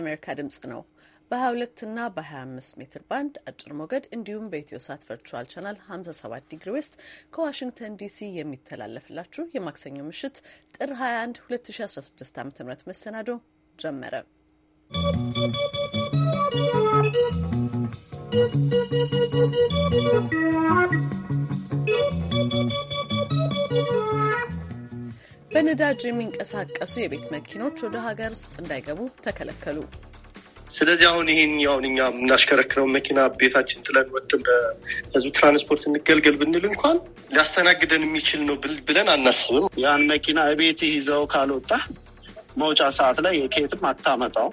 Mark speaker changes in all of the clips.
Speaker 1: የአሜሪካ ድምጽ ነው። በ22 እና በ25 ሜትር ባንድ አጭር ሞገድ እንዲሁም በኢትዮ ሳት ቨርቹዋል ቻናል 57 ዲግሪ ዌስት ከዋሽንግተን ዲሲ የሚተላለፍላችሁ የማክሰኞ ምሽት ጥር 21 2016 ዓ ም መሰናዶ ጀመረ። ¶¶ በነዳጅ የሚንቀሳቀሱ የቤት መኪኖች ወደ ሀገር ውስጥ እንዳይገቡ ተከለከሉ።
Speaker 2: ስለዚህ አሁን ይህን ያሁን እኛ የምናሽከረክረው መኪና ቤታችን ጥለን ወጥን በህዝብ ትራንስፖርት እንገልገል ብንል እንኳን ሊያስተናግደን የሚችል ነው ብለን አናስብም። ያን መኪና እቤት ይዘው ካልወጣ መውጫ ሰዓት ላይ የኬትም
Speaker 3: አታመጣው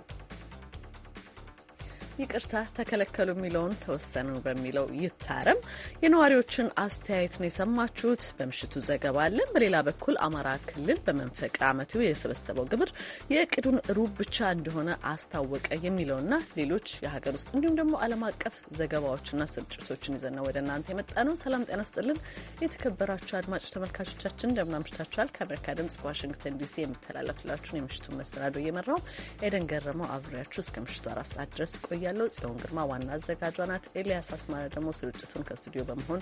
Speaker 1: ይቅርታ ተከለከሉ የሚለውን ተወሰኑ በሚለው ይታረም። የነዋሪዎችን አስተያየት ነው የሰማችሁት። በምሽቱ ዘገባ አለን። በሌላ በኩል አማራ ክልል በመንፈቅ ዓመቱ የሰበሰበው ግብር የእቅዱን ሩብ ብቻ እንደሆነ አስታወቀ የሚለውና ሌሎች የሀገር ውስጥ እንዲሁም ደግሞ ዓለም አቀፍ ዘገባዎችና ስርጭቶችን ነው ወደ እናንተ የመጣ ነው። ሰላም ጤና ስጥልን። የተከበራችሁ አድማጭ ተመልካቾቻችን እንደምን አምሽታችኋል። ከአሜሪካ ድምጽ ዋሽንግተን ዲሲ የሚተላለፍላችሁን የምሽቱን መሰናዶ እየመራው ኤደን ገረመው አብሬያችሁ እስከ ምሽቱ አራት ሰዓት ድረስ ቆያል። ያለው ጽዮን ግርማ ዋና አዘጋጇ ናት። ኤልያስ አስማረ ደግሞ ስርጭቱን ከስቱዲዮ በመሆን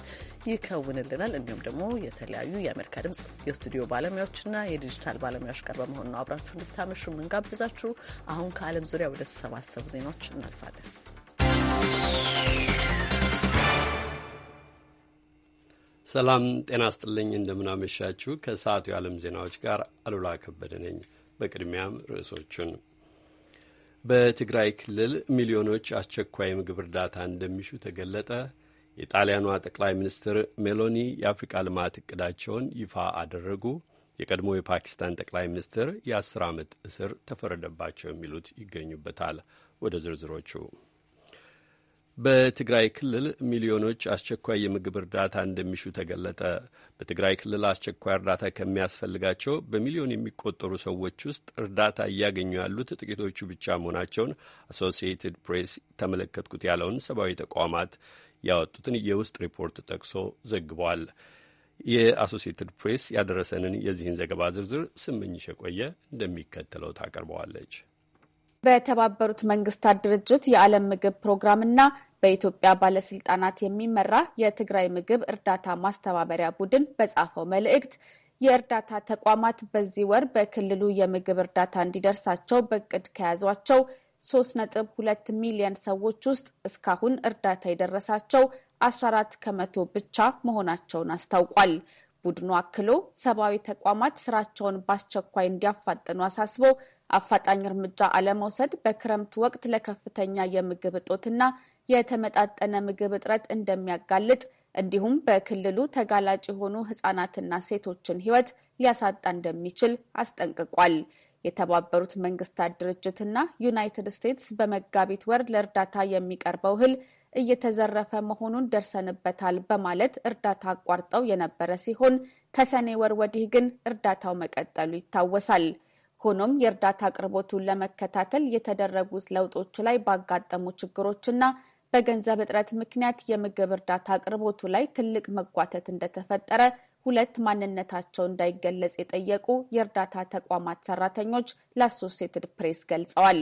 Speaker 1: ይከውንልናል። እንዲሁም ደግሞ የተለያዩ የአሜሪካ ድምጽ የስቱዲዮ ባለሙያዎችና የዲጂታል ባለሙያዎች ጋር በመሆን ነው አብራችሁ እንድታመሹ የምንጋብዛችሁ። አሁን ከዓለም ዙሪያ ወደ ተሰባሰቡ ዜናዎች እናልፋለን።
Speaker 4: ሰላም ጤና ስጥልኝ። እንደምናመሻችሁ ከሰዓቱ የዓለም ዜናዎች ጋር አሉላ ከበደ ነኝ። በቅድሚያም ርዕሶቹን በትግራይ ክልል ሚሊዮኖች አስቸኳይ ምግብ እርዳታ እንደሚሹ ተገለጠ። የጣሊያኗ ጠቅላይ ሚኒስትር ሜሎኒ የአፍሪቃ ልማት እቅዳቸውን ይፋ አደረጉ። የቀድሞ የፓኪስታን ጠቅላይ ሚኒስትር የአስር ዓመት እስር ተፈረደባቸው። የሚሉት ይገኙበታል። ወደ ዝርዝሮቹ በትግራይ ክልል ሚሊዮኖች አስቸኳይ የምግብ እርዳታ እንደሚሹ ተገለጠ። በትግራይ ክልል አስቸኳይ እርዳታ ከሚያስፈልጋቸው በሚሊዮን የሚቆጠሩ ሰዎች ውስጥ እርዳታ እያገኙ ያሉት ጥቂቶቹ ብቻ መሆናቸውን አሶሲኤትድ ፕሬስ ተመለከትኩት ያለውን ሰብአዊ ተቋማት ያወጡትን የውስጥ ሪፖርት ጠቅሶ ዘግቧል። የአሶሲኤትድ ፕሬስ ያደረሰንን የዚህን ዘገባ ዝርዝር ስምኝሽ የቆየ እንደሚከተለው ታቀርበዋለች።
Speaker 5: በተባበሩት መንግስታት ድርጅት የዓለም ምግብ ፕሮግራምና በኢትዮጵያ ባለስልጣናት የሚመራ የትግራይ ምግብ እርዳታ ማስተባበሪያ ቡድን በጻፈው መልእክት የእርዳታ ተቋማት በዚህ ወር በክልሉ የምግብ እርዳታ እንዲደርሳቸው በቅድ ከያዟቸው 3.2 ሚሊዮን ሰዎች ውስጥ እስካሁን እርዳታ የደረሳቸው 14 ከመቶ ብቻ መሆናቸውን አስታውቋል። ቡድኑ አክሎ ሰብአዊ ተቋማት ስራቸውን በአስቸኳይ እንዲያፋጥኑ አሳስበው አፋጣኝ እርምጃ አለመውሰድ በክረምት ወቅት ለከፍተኛ የምግብ እጦትና የተመጣጠነ ምግብ እጥረት እንደሚያጋልጥ እንዲሁም በክልሉ ተጋላጭ የሆኑ ህጻናትና ሴቶችን ህይወት ሊያሳጣ እንደሚችል አስጠንቅቋል። የተባበሩት መንግስታት ድርጅትና ዩናይትድ ስቴትስ በመጋቢት ወር ለእርዳታ የሚቀርበው እህል እየተዘረፈ መሆኑን ደርሰንበታል በማለት እርዳታ አቋርጠው የነበረ ሲሆን ከሰኔ ወር ወዲህ ግን እርዳታው መቀጠሉ ይታወሳል። ሆኖም የእርዳታ አቅርቦቱን ለመከታተል የተደረጉት ለውጦች ላይ ባጋጠሙ ችግሮችና በገንዘብ እጥረት ምክንያት የምግብ እርዳታ አቅርቦቱ ላይ ትልቅ መጓተት እንደተፈጠረ ሁለት ማንነታቸው እንዳይገለጽ የጠየቁ የእርዳታ ተቋማት ሰራተኞች ለአሶሴትድ ፕሬስ ገልጸዋል።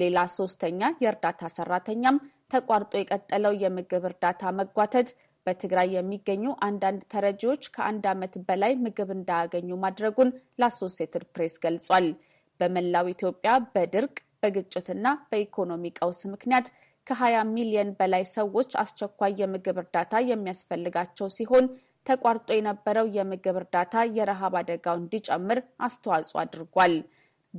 Speaker 5: ሌላ ሶስተኛ የእርዳታ ሰራተኛም ተቋርጦ የቀጠለው የምግብ እርዳታ መጓተት በትግራይ የሚገኙ አንዳንድ ተረጂዎች ከአንድ ዓመት በላይ ምግብ እንዳያገኙ ማድረጉን ለአሶሴትድ ፕሬስ ገልጿል። በመላው ኢትዮጵያ በድርቅ በግጭትና በኢኮኖሚ ቀውስ ምክንያት ከ20 ሚሊዮን በላይ ሰዎች አስቸኳይ የምግብ እርዳታ የሚያስፈልጋቸው ሲሆን ተቋርጦ የነበረው የምግብ እርዳታ የረሃብ አደጋው እንዲጨምር አስተዋጽኦ አድርጓል።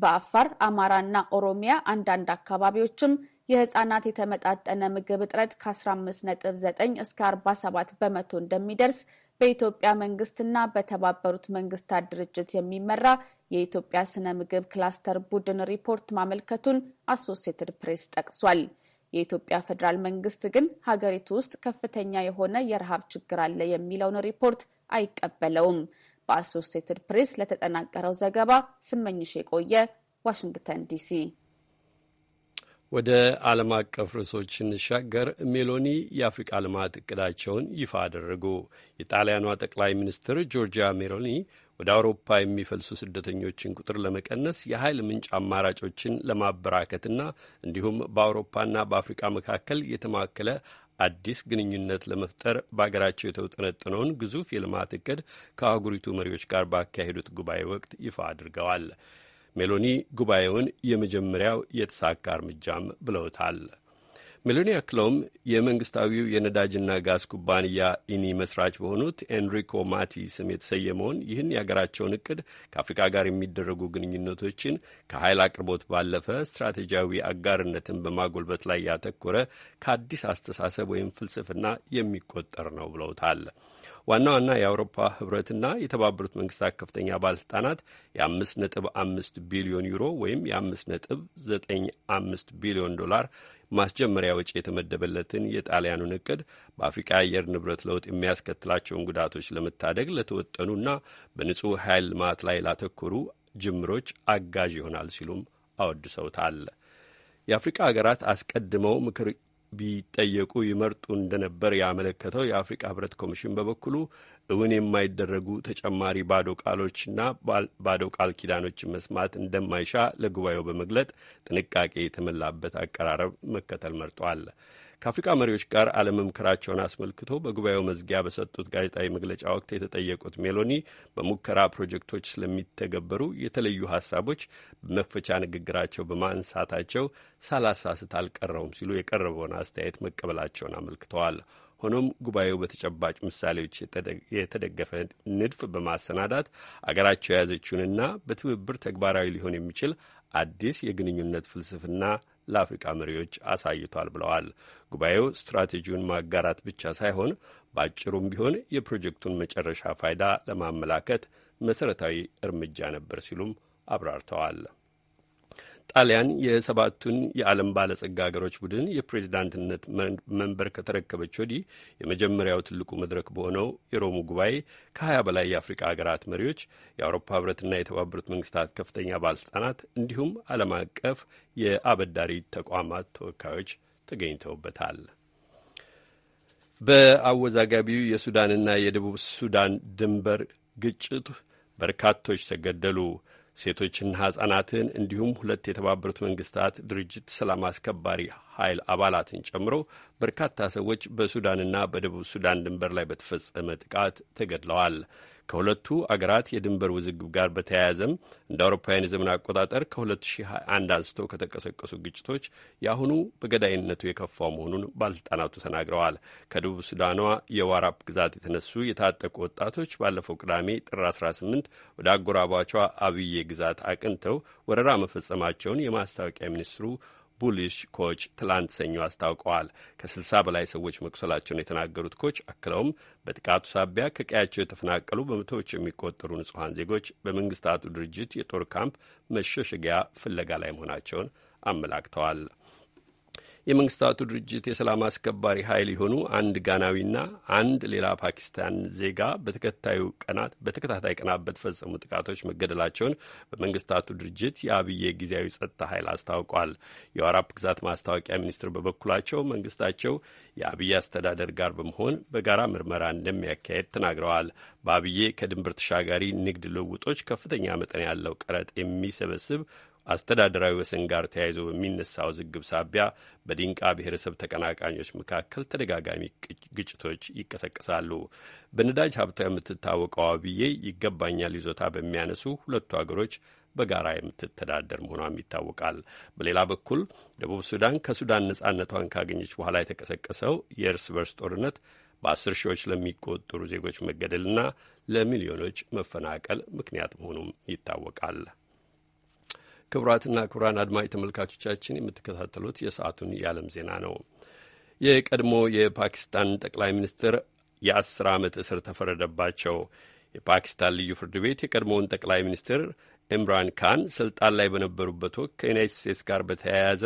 Speaker 5: በአፋር አማራና ኦሮሚያ አንዳንድ አካባቢዎችም የህጻናት የተመጣጠነ ምግብ እጥረት ከ15.9 እስከ 47 በመቶ እንደሚደርስ በኢትዮጵያ መንግስትና በተባበሩት መንግስታት ድርጅት የሚመራ የኢትዮጵያ ስነ ምግብ ክላስተር ቡድን ሪፖርት ማመልከቱን አሶሴትድ ፕሬስ ጠቅሷል። የኢትዮጵያ ፌዴራል መንግስት ግን ሀገሪቱ ውስጥ ከፍተኛ የሆነ የረሃብ ችግር አለ የሚለውን ሪፖርት አይቀበለውም። በአሶሴትድ ፕሬስ ለተጠናቀረው ዘገባ ስመኝሽ የቆየ ዋሽንግተን ዲሲ
Speaker 4: ወደ ዓለም አቀፍ ርዕሶች ስንሻገር ሜሎኒ የአፍሪቃ ልማት እቅዳቸውን ይፋ አደረጉ። የጣሊያኗ ጠቅላይ ሚኒስትር ጆርጂያ ሜሎኒ ወደ አውሮፓ የሚፈልሱ ስደተኞችን ቁጥር ለመቀነስ የኃይል ምንጭ አማራጮችን ለማበራከትና እንዲሁም በአውሮፓና በአፍሪቃ መካከል የተማከለ አዲስ ግንኙነት ለመፍጠር በሀገራቸው የተውጠነጠነውን ግዙፍ የልማት እቅድ ከአህጉሪቱ መሪዎች ጋር ባካሄዱት ጉባኤ ወቅት ይፋ አድርገዋል። ሜሎኒ ጉባኤውን የመጀመሪያው የተሳካ እርምጃም ብለውታል። ሜሎኒ አክለውም የመንግስታዊው የነዳጅና ጋዝ ኩባንያ ኢኒ መስራች በሆኑት ኤንሪኮ ማቲ ስም የተሰየመውን ይህን የሀገራቸውን እቅድ ከአፍሪካ ጋር የሚደረጉ ግንኙነቶችን ከኃይል አቅርቦት ባለፈ ስትራቴጂያዊ አጋርነትን በማጎልበት ላይ ያተኮረ ከአዲስ አስተሳሰብ ወይም ፍልስፍና የሚቆጠር ነው ብለውታል። ዋና ዋና የአውሮፓ ህብረትና የተባበሩት መንግስታት ከፍተኛ ባለስልጣናት የአምስት ነጥብ አምስት ቢሊዮን ዩሮ ወይም የአምስት ነጥብ ዘጠኝ አምስት ቢሊዮን ዶላር ማስጀመሪያ ወጪ የተመደበለትን የጣሊያኑን እቅድ በአፍሪቃ አየር ንብረት ለውጥ የሚያስከትላቸውን ጉዳቶች ለመታደግ ለተወጠኑና በንጹህ ኃይል ልማት ላይ ላተኮሩ ጅምሮች አጋዥ ይሆናል ሲሉም አወድሰውታል። የአፍሪቃ ሀገራት አስቀድመው ምክር ቢጠየቁ ይመርጡ እንደነበር ያመለከተው የአፍሪቃ ህብረት ኮሚሽን በበኩሉ እውን የማይደረጉ ተጨማሪ ባዶ ቃሎችና ባዶ ቃል ኪዳኖችን መስማት እንደማይሻ ለጉባኤው በመግለጥ ጥንቃቄ የተሞላበት አቀራረብ መከተል መርጧል። ከአፍሪካ መሪዎች ጋር አለመምከራቸውን አስመልክቶ በጉባኤው መዝጊያ በሰጡት ጋዜጣዊ መግለጫ ወቅት የተጠየቁት ሜሎኒ በሙከራ ፕሮጀክቶች ስለሚተገበሩ የተለዩ ሀሳቦች መፈቻ ንግግራቸው በማንሳታቸው ሳላሳስት አልቀረውም ሲሉ የቀረበውን አስተያየት መቀበላቸውን አመልክተዋል። ሆኖም ጉባኤው በተጨባጭ ምሳሌዎች የተደገፈ ንድፍ በማሰናዳት አገራቸው የያዘችውንና በትብብር ተግባራዊ ሊሆን የሚችል አዲስ የግንኙነት ፍልስፍና ለአፍሪቃ መሪዎች አሳይቷል ብለዋል። ጉባኤው ስትራቴጂውን ማጋራት ብቻ ሳይሆን በአጭሩም ቢሆን የፕሮጀክቱን መጨረሻ ፋይዳ ለማመላከት መሰረታዊ እርምጃ ነበር ሲሉም አብራርተዋል። ጣሊያን የሰባቱን የዓለም ባለጸጋ ሀገሮች ቡድን የፕሬዚዳንትነት መንበር ከተረከበች ወዲህ የመጀመሪያው ትልቁ መድረክ በሆነው የሮሙ ጉባኤ ከሀያ በላይ የአፍሪካ ሀገራት መሪዎች፣ የአውሮፓ ህብረትና የተባበሩት መንግስታት ከፍተኛ ባለስልጣናት እንዲሁም ዓለም አቀፍ የአበዳሪ ተቋማት ተወካዮች ተገኝተውበታል። በአወዛጋቢው የሱዳንና የደቡብ ሱዳን ድንበር ግጭት በርካቶች ተገደሉ። ሴቶችና ሕጻናትን እንዲሁም ሁለት የተባበሩት መንግስታት ድርጅት ሰላም አስከባሪ ኃይል አባላትን ጨምሮ በርካታ ሰዎች በሱዳንና በደቡብ ሱዳን ድንበር ላይ በተፈጸመ ጥቃት ተገድለዋል። ከሁለቱ አገራት የድንበር ውዝግብ ጋር በተያያዘም እንደ አውሮፓውያን የዘመን አቆጣጠር ከ2021 አንስቶ ከተቀሰቀሱ ግጭቶች የአሁኑ በገዳይነቱ የከፋው መሆኑን ባለስልጣናቱ ተናግረዋል። ከደቡብ ሱዳኗ የዋራፕ ግዛት የተነሱ የታጠቁ ወጣቶች ባለፈው ቅዳሜ ጥር 18 ወደ አጎራባቿ አብዬ ግዛት አቅንተው ወረራ መፈጸማቸውን የማስታወቂያ ሚኒስትሩ ቡሊሽ ኮች ትላንት ሰኞ አስታውቀዋል። ከ60 በላይ ሰዎች መቁሰላቸውን የተናገሩት ኮች አክለውም በጥቃቱ ሳቢያ ከቀያቸው የተፈናቀሉ በመቶዎች የሚቆጠሩ ንጹሐን ዜጎች በመንግስታቱ ድርጅት የጦር ካምፕ መሸሸጊያ ፍለጋ ላይ መሆናቸውን አመላክተዋል። የመንግስታቱ ድርጅት የሰላም አስከባሪ ኃይል የሆኑ አንድ ጋናዊና አንድ ሌላ ፓኪስታን ዜጋ በተከታዩ ቀናት በተከታታይ ቀናት በተፈጸሙ ጥቃቶች መገደላቸውን በመንግስታቱ ድርጅት የአብዬ ጊዜያዊ ጸጥታ ኃይል አስታውቋል። የዋራፕ ግዛት ማስታወቂያ ሚኒስትር በበኩላቸው መንግስታቸው የአብዬ አስተዳደር ጋር በመሆን በጋራ ምርመራ እንደሚያካሄድ ተናግረዋል። በአብዬ ከድንበር ተሻጋሪ ንግድ ልውውጦች ከፍተኛ መጠን ያለው ቀረጥ የሚሰበስብ አስተዳደራዊ ወሰን ጋር ተያይዞ በሚነሳው ዝግብ ሳቢያ በዲንቃ ብሔረሰብ ተቀናቃኞች መካከል ተደጋጋሚ ግጭቶች ይቀሰቀሳሉ። በነዳጅ ሀብቷ የምትታወቀው አብዬ ይገባኛል ይዞታ በሚያነሱ ሁለቱ አገሮች በጋራ የምትተዳደር መሆኗም ይታወቃል። በሌላ በኩል ደቡብ ሱዳን ከሱዳን ነጻነቷን ካገኘች በኋላ የተቀሰቀሰው የእርስ በርስ ጦርነት በአስር ሺዎች ለሚቆጠሩ ዜጎች መገደልና ለሚሊዮኖች መፈናቀል ምክንያት መሆኑም ይታወቃል። ክቡራትና ክቡራን አድማጭ ተመልካቾቻችን የምትከታተሉት የሰዓቱን የዓለም ዜና ነው። የቀድሞ የፓኪስታን ጠቅላይ ሚኒስትር የአስር ዓመት እስር ተፈረደባቸው። የፓኪስታን ልዩ ፍርድ ቤት የቀድሞውን ጠቅላይ ሚኒስትር ኢምራን ካን ስልጣን ላይ በነበሩበት ወቅት ከዩናይትድ ስቴትስ ጋር በተያያዘ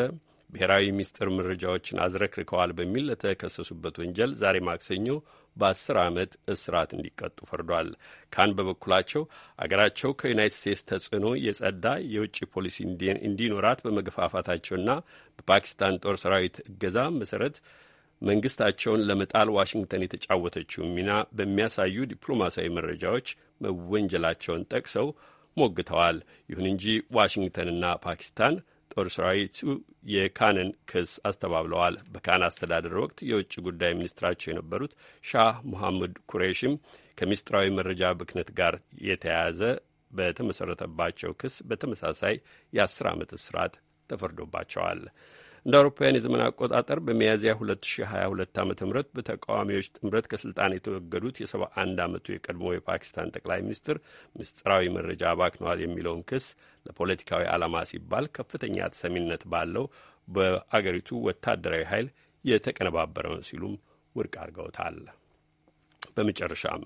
Speaker 4: ብሔራዊ ሚስጥር መረጃዎችን አዝረክርከዋል በሚል ለተከሰሱበት ወንጀል ዛሬ ማክሰኞ በአስር ዓመት እስራት እንዲቀጡ ፈርዷል። ካን በበኩላቸው አገራቸው ከዩናይትድ ስቴትስ ተጽዕኖ የጸዳ የውጭ ፖሊሲ እንዲኖራት በመገፋፋታቸውና በፓኪስታን ጦር ሰራዊት እገዛ መሰረት መንግስታቸውን ለመጣል ዋሽንግተን የተጫወተችው ሚና በሚያሳዩ ዲፕሎማሲያዊ መረጃዎች መወንጀላቸውን ጠቅሰው ሞግተዋል። ይሁን እንጂ ዋሽንግተንና ፓኪስታን ጦር ሰራዊቱ የካንን ክስ አስተባብለዋል። በካን አስተዳደር ወቅት የውጭ ጉዳይ ሚኒስትራቸው የነበሩት ሻህ ሙሐመድ ኩሬሽም ከሚስጥራዊ መረጃ ብክነት ጋር የተያያዘ በተመሰረተባቸው ክስ በተመሳሳይ የአስር ዓመት እስራት ተፈርዶባቸዋል። እንደ አውሮፓውያን የዘመን አቆጣጠር በሚያዝያ 2022 ዓ ም በተቃዋሚዎች ጥምረት ከስልጣን የተወገዱት የ71 ዓመቱ የቀድሞ የፓኪስታን ጠቅላይ ሚኒስትር ምስጢራዊ መረጃ አባክነዋል የሚለውን ክስ ለፖለቲካዊ ዓላማ ሲባል ከፍተኛ ተሰሚነት ባለው በአገሪቱ ወታደራዊ ኃይል የተቀነባበረ ነው ሲሉም ውድቅ አድርገውታል። በመጨረሻም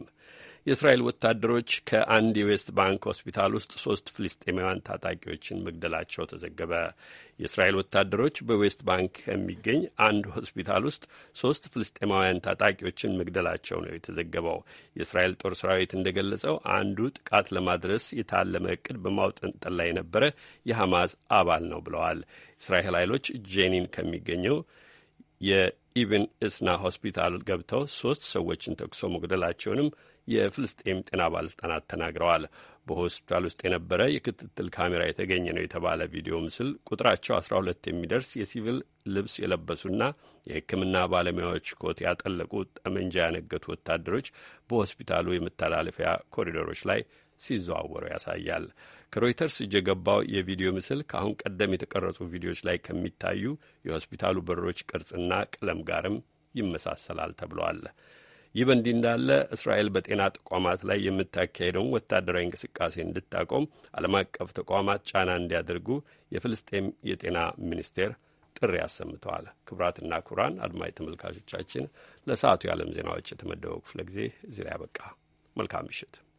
Speaker 4: የእስራኤል ወታደሮች ከአንድ የዌስት ባንክ ሆስፒታል ውስጥ ሶስት ፍልስጤማውያን ታጣቂዎችን መግደላቸው ተዘገበ። የእስራኤል ወታደሮች በዌስት ባንክ ከሚገኝ አንድ ሆስፒታል ውስጥ ሶስት ፍልስጤማውያን ታጣቂዎችን መግደላቸው ነው የተዘገበው። የእስራኤል ጦር ሰራዊት እንደገለጸው አንዱ ጥቃት ለማድረስ የታለመ እቅድ በማውጠንጠል ላይ የነበረ የሐማስ አባል ነው ብለዋል። እስራኤል ኃይሎች ጄኒን ከሚገኘው ኢብን እስና ሆስፒታል ገብተው ሶስት ሰዎችን ተኩሶ መግደላቸውንም የፍልስጤም ጤና ባለስልጣናት ተናግረዋል። በሆስፒታል ውስጥ የነበረ የክትትል ካሜራ የተገኘ ነው የተባለ ቪዲዮ ምስል ቁጥራቸው 12 የሚደርስ የሲቪል ልብስ የለበሱና የሕክምና ባለሙያዎች ኮት ያጠለቁ ጠመንጃ ያነገቱ ወታደሮች በሆስፒታሉ የመተላለፊያ ኮሪደሮች ላይ ሲዘዋወሩ ያሳያል። ከሮይተርስ እጅ የገባው የቪዲዮ ምስል ከአሁን ቀደም የተቀረጹ ቪዲዮዎች ላይ ከሚታዩ የሆስፒታሉ በሮች ቅርጽና ቀለም ጋርም ይመሳሰላል ተብሏል። ይህ በእንዲህ እንዳለ እስራኤል በጤና ተቋማት ላይ የምታካሄደውን ወታደራዊ እንቅስቃሴ እንድታቆም ዓለም አቀፍ ተቋማት ጫና እንዲያደርጉ የፍልስጤም የጤና ሚኒስቴር ጥሪ አሰምተዋል። ክቡራትና ክቡራን አድማጭ ተመልካቾቻችን ለሰዓቱ የዓለም ዜናዎች የተመደበው ክፍለ ጊዜ እዚህ ላይ ያበቃ። መልካም ምሽት።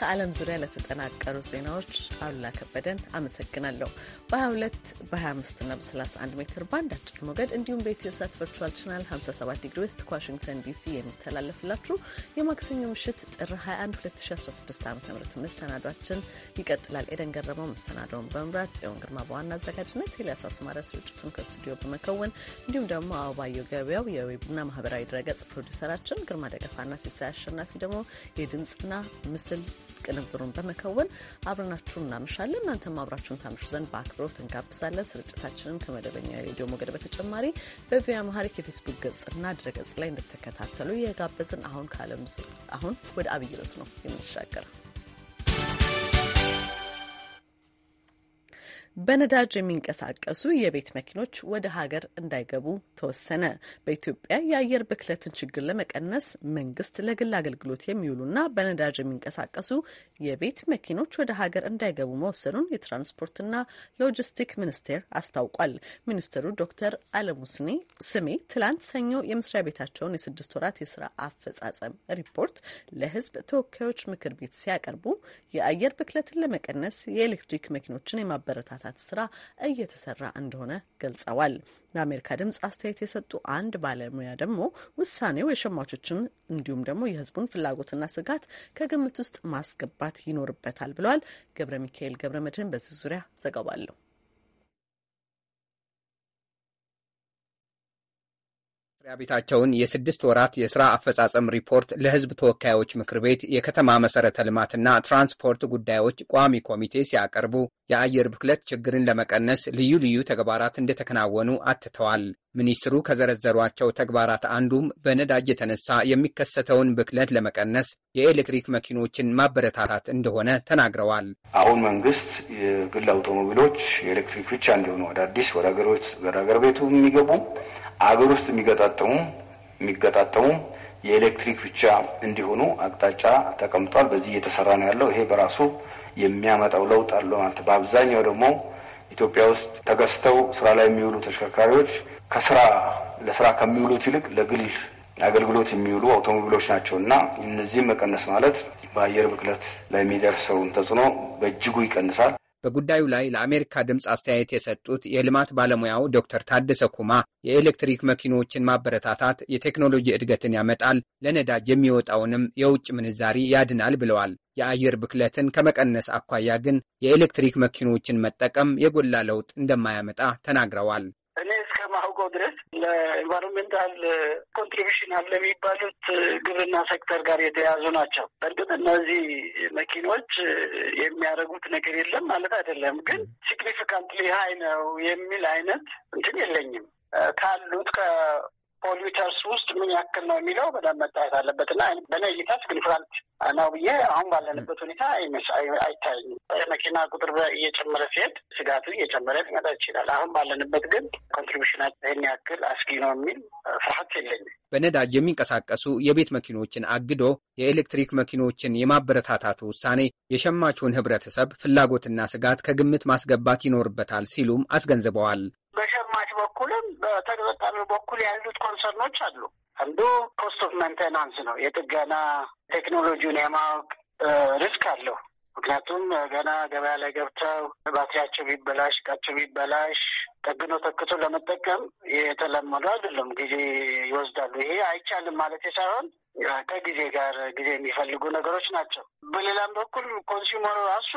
Speaker 1: ከዓለም ዙሪያ ለተጠናቀሩ ዜናዎች አሉላ ከበደን አመሰግናለሁ። በ22 በ25ና በ31 ሜትር ባንድ አጭር ሞገድ እንዲሁም በኢትዮ ሳት ቨርቹዋል ቻናል 57 ዲግሪ ዌስት ከዋሽንግተን ዲሲ የሚተላለፍላችሁ የማክሰኞ ምሽት ጥር 21 2016 ዓ ም መሰናዷችን ይቀጥላል። ኤደን ገረመው መሰናዶውን በመምራት ጽዮን ግርማ በዋና አዘጋጅነት ቴሊያስ አስማረ ስርጭቱን ከስቱዲዮ በመከወን እንዲሁም ደግሞ አበባየው ገበያው የዌብና ማህበራዊ ድረገጽ ፕሮዲሰራችን ግርማ ደገፋና ሲሳይ አሸናፊ ደግሞ የድምፅና ምስል ቅንብሩን በመከወን አብረናችሁን እናምሻለን። እናንተም አብራችሁን ታምሹ ዘንድ በአክብሮት እንጋብዛለን። ስርጭታችንን ከመደበኛ ሬዲዮ ሞገድ በተጨማሪ በቪያ መሀሪክ የፌስቡክ ገጽና ድረገጽ ላይ እንድትከታተሉ የጋበዝን። አሁን ከአለም አሁን ወደ አብይ ርዕስ ነው የምንሻገረው። በነዳጅ የሚንቀሳቀሱ የቤት መኪኖች ወደ ሀገር እንዳይገቡ ተወሰነ። በኢትዮጵያ የአየር ብክለትን ችግር ለመቀነስ መንግስት ለግል አገልግሎት የሚውሉና በነዳጅ የሚንቀሳቀሱ የቤት መኪኖች ወደ ሀገር እንዳይገቡ መወሰኑን የትራንስፖርትና ሎጂስቲክ ሚኒስቴር አስታውቋል። ሚኒስትሩ ዶክተር አለሙ ስሜ ትላንት ሰኞ የመስሪያ ቤታቸውን የስድስት ወራት የስራ አፈጻጸም ሪፖርት ለህዝብ ተወካዮች ምክር ቤት ሲያቀርቡ የአየር ብክለትን ለመቀነስ የኤሌክትሪክ መኪኖችን የማበረታ የማጣራት ስራ እየተሰራ እንደሆነ ገልጸዋል። ለአሜሪካ ድምጽ አስተያየት የሰጡ አንድ ባለሙያ ደግሞ ውሳኔው የሸማቾችን እንዲሁም ደግሞ የህዝቡን ፍላጎትና ስጋት ከግምት ውስጥ ማስገባት ይኖርበታል ብለዋል። ገብረ ሚካኤል ገብረ መድህን በዚህ ዙሪያ ዘገባ
Speaker 6: መስሪያ ቤታቸውን የስድስት ወራት የስራ አፈጻጸም ሪፖርት ለህዝብ ተወካዮች ምክር ቤት የከተማ መሰረተ ልማትና ትራንስፖርት ጉዳዮች ቋሚ ኮሚቴ ሲያቀርቡ የአየር ብክለት ችግርን ለመቀነስ ልዩ ልዩ ተግባራት እንደተከናወኑ አትተዋል። ሚኒስትሩ ከዘረዘሯቸው ተግባራት አንዱም በነዳጅ የተነሳ የሚከሰተውን ብክለት ለመቀነስ የኤሌክትሪክ መኪኖችን ማበረታታት እንደሆነ ተናግረዋል።
Speaker 7: አሁን መንግስት የግል አውቶሞቢሎች የኤሌክትሪክ ብቻ እንዲሆኑ አዳዲስ ወደ ሀገር ቤቱ የሚገቡ አገር ውስጥ የሚገጣጠሙ የሚገጣጠሙ የኤሌክትሪክ ብቻ እንዲሆኑ አቅጣጫ ተቀምጧል። በዚህ እየተሰራ ነው ያለው። ይሄ በራሱ የሚያመጣው ለውጥ አለ ማለት። በአብዛኛው ደግሞ ኢትዮጵያ ውስጥ ተገዝተው ስራ ላይ የሚውሉ ተሽከርካሪዎች ከስራ ለስራ ከሚውሉት ይልቅ ለግል አገልግሎት የሚውሉ አውቶሞቢሎች ናቸው እና እነዚህም መቀነስ ማለት በአየር ብክለት ላይ የሚደርሰውን ተጽዕኖ በእጅጉ ይቀንሳል።
Speaker 6: በጉዳዩ ላይ ለአሜሪካ ድምፅ አስተያየት የሰጡት የልማት ባለሙያው ዶክተር ታደሰ ኩማ የኤሌክትሪክ መኪኖችን ማበረታታት የቴክኖሎጂ እድገትን ያመጣል፣ ለነዳጅ የሚወጣውንም የውጭ ምንዛሪ ያድናል ብለዋል። የአየር ብክለትን ከመቀነስ አኳያ ግን የኤሌክትሪክ መኪኖችን መጠቀም የጎላ ለውጥ እንደማያመጣ ተናግረዋል።
Speaker 8: እኔ እስከ ማውቀው ድረስ ለኤንቫይሮንሜንታል ኮንትሪቢሽን አለ የሚባሉት ግብርና ሴክተር ጋር የተያያዙ ናቸው። በእርግጥ እነዚህ መኪኖች የሚያደርጉት ነገር የለም ማለት አይደለም፣ ግን ሲግኒፊካንትሊ ሀይ ነው የሚል አይነት እንትን የለኝም ካሉት ፖሊዩተርስ ውስጥ ምን ያክል ነው የሚለው በደንብ መታየት አለበት እና በእኔ እይታ ስግኒፍራንት ነው ብዬ አሁን ባለንበት ሁኔታ አይታይም። የመኪና ቁጥር እየጨመረ ሲሄድ ስጋቱ እየጨመረ ሊመጣ ይችላል። አሁን ባለንበት ግን ኮንትሪቢሽናቸው ይህን ያክል አስጊ ነው የሚል ፍርሀት የለኝም።
Speaker 6: በነዳጅ የሚንቀሳቀሱ የቤት መኪኖችን አግዶ የኤሌክትሪክ መኪኖችን የማበረታታቱ ውሳኔ የሸማቹን ህብረተሰብ ፍላጎትና ስጋት ከግምት ማስገባት ይኖርበታል ሲሉም አስገንዝበዋል። በሸማች በኩልም በተጠቃሚው
Speaker 8: በኩል ያሉት ኮንሰርኖች አሉ። አንዱ ኮስት ኦፍ ሜንቴናንስ ነው። የጥገና ቴክኖሎጂውን የማወቅ ሪስክ አለው። ምክንያቱም ገና ገበያ ላይ ገብተው ባትሪያቸው ቢበላሽ፣ እቃቸው ቢበላሽ ጠግኖ ተክቶ ለመጠቀም የተለመዱ አይደለም። ጊዜ ይወስዳሉ። ይሄ አይቻልም ማለት ሳይሆን ከጊዜ ጋር ጊዜ የሚፈልጉ ነገሮች ናቸው። በሌላም በኩል ኮንሱመሩ ራሱ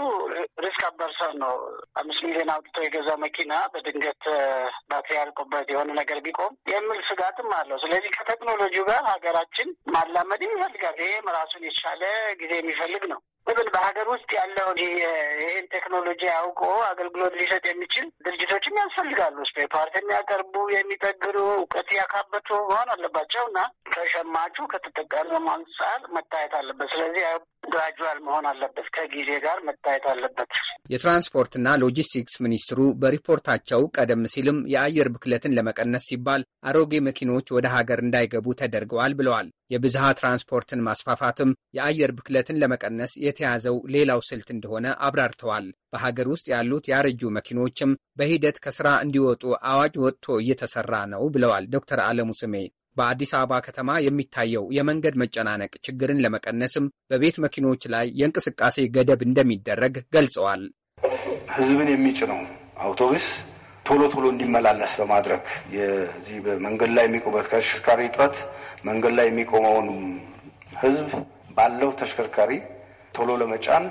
Speaker 8: ሪስክ አበርሰን ነው። አምስት ሚሊዮን አውጥቶ የገዛ መኪና በድንገት ባትሪ ያልቆበት የሆነ ነገር ቢቆም የሚል ስጋትም አለው። ስለዚህ ከቴክኖሎጂው ጋር ሀገራችን ማላመድ ይፈልጋል። ይህም ራሱን የቻለ ጊዜ የሚፈልግ ነው። ብል በሀገር ውስጥ ያለውን ይህን ቴክኖሎጂ አውቆ አገልግሎት ሊሰጥ የሚችል ድርጅቶችም ያስፈልጋሉ። ስፔር ፓርት የሚያቀርቡ የሚጠግሩ፣ እውቀት ያካበቱ መሆን አለባቸው እና ከሸማቹ ከተጠቃሚው አንጻር መታየት አለበት። ስለዚህ
Speaker 6: ግራጁዋል መሆን አለበት፣ ከጊዜ ጋር መታየት አለበት። የትራንስፖርትና ሎጂስቲክስ ሚኒስትሩ በሪፖርታቸው ቀደም ሲልም የአየር ብክለትን ለመቀነስ ሲባል አሮጌ መኪኖች ወደ ሀገር እንዳይገቡ ተደርገዋል ብለዋል። የብዝሃ ትራንስፖርትን ማስፋፋትም የአየር ብክለትን ለመቀነስ የተያዘው ሌላው ስልት እንደሆነ አብራርተዋል። በሀገር ውስጥ ያሉት ያረጁ መኪኖችም በሂደት ከስራ እንዲወጡ አዋጅ ወጥቶ እየተሰራ ነው ብለዋል ዶክተር አለሙ ስሜ። በአዲስ አበባ ከተማ የሚታየው የመንገድ መጨናነቅ ችግርን ለመቀነስም በቤት መኪኖች ላይ የእንቅስቃሴ ገደብ እንደሚደረግ ገልጸዋል። ህዝብን የሚጭነው
Speaker 7: አውቶቡስ ቶሎ ቶሎ እንዲመላለስ በማድረግ የዚህ በመንገድ ላይ የሚቆመው ተሽከርካሪ እጥረት መንገድ ላይ የሚቆመውን ህዝብ ባለው ተሽከርካሪ ቶሎ ለመጫን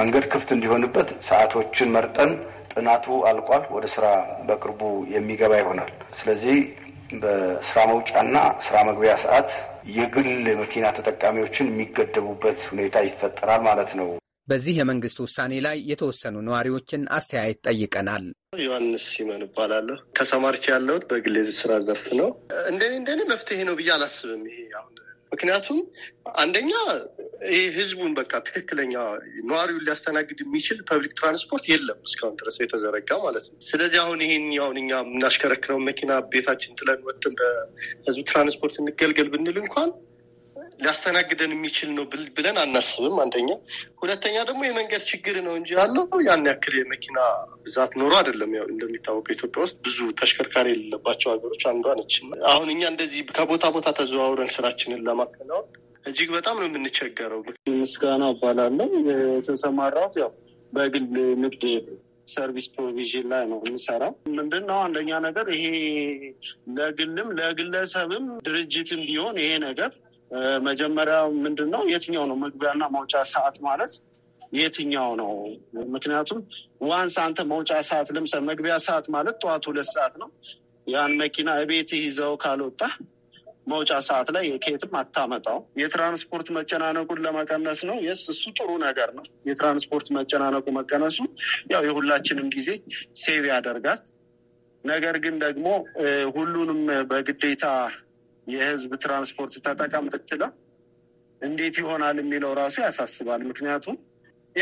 Speaker 7: መንገድ ክፍት እንዲሆንበት ሰዓቶችን መርጠን ጥናቱ አልቋል። ወደ ስራ በቅርቡ የሚገባ ይሆናል። ስለዚህ በስራ መውጫና ስራ መግቢያ ሰዓት የግል መኪና ተጠቃሚዎችን የሚገደቡበት ሁኔታ ይፈጠራል ማለት ነው።
Speaker 6: በዚህ የመንግስት ውሳኔ ላይ የተወሰኑ ነዋሪዎችን አስተያየት ጠይቀናል።
Speaker 2: ዮሐንስ ሲመን እባላለሁ። ተሰማርቼ ያለሁት በግሌ ስራ ዘርፍ ነው። እንደኔ እንደኔ መፍትሄ ነው ብዬ አላስብም። ይሄ አሁን ምክንያቱም አንደኛ ይህ ህዝቡን በቃ ትክክለኛ ነዋሪውን ሊያስተናግድ የሚችል ፐብሊክ ትራንስፖርት የለም እስካሁን ድረስ የተዘረጋ ማለት ነው። ስለዚህ አሁን ይህን አሁን እኛ የምናሽከረክረው መኪና ቤታችን ጥለን ወጥን በህዝብ ትራንስፖርት እንገልገል ብንል እንኳን ሊያስተናግደን የሚችል ነው ብለን አናስብም። አንደኛ። ሁለተኛ ደግሞ የመንገድ ችግር ነው እንጂ ያለው ያን ያክል የመኪና ብዛት ኖሮ አይደለም። ያው እንደሚታወቀው ኢትዮጵያ ውስጥ ብዙ ተሽከርካሪ የሌለባቸው ሀገሮች አንዷ ነች። አሁን እኛ እንደዚህ ከቦታ
Speaker 3: ቦታ ተዘዋውረን ስራችንን ለማከናወን እጅግ በጣም ነው የምንቸገረው። ምስጋና እባላለሁ። የተሰማራት ያው በግል ንግድ ሰርቪስ ፕሮቪዥን ላይ ነው የምሰራው። ምንድን ነው አንደኛ ነገር ይሄ ለግልም ለግለሰብም ድርጅትም ቢሆን ይሄ ነገር መጀመሪያ ምንድን ነው የትኛው ነው መግቢያና መውጫ ሰዓት ማለት የትኛው ነው? ምክንያቱም ዋንስ አንተ መውጫ ሰዓት ልምሰ መግቢያ ሰዓት ማለት ጠዋት ሁለት ሰዓት ነው። ያን መኪና እቤት ይዘው ካልወጣ መውጫ ሰዓት ላይ የኬትም አታመጣው። የትራንስፖርት መጨናነቁን ለመቀነስ ነው። የስ እሱ ጥሩ ነገር ነው። የትራንስፖርት መጨናነቁ መቀነሱ ያው የሁላችንም ጊዜ ሴቭ ያደርጋል። ነገር ግን ደግሞ ሁሉንም በግዴታ የህዝብ ትራንስፖርት ተጠቀም ምትችለው እንዴት ይሆናል የሚለው ራሱ ያሳስባል። ምክንያቱም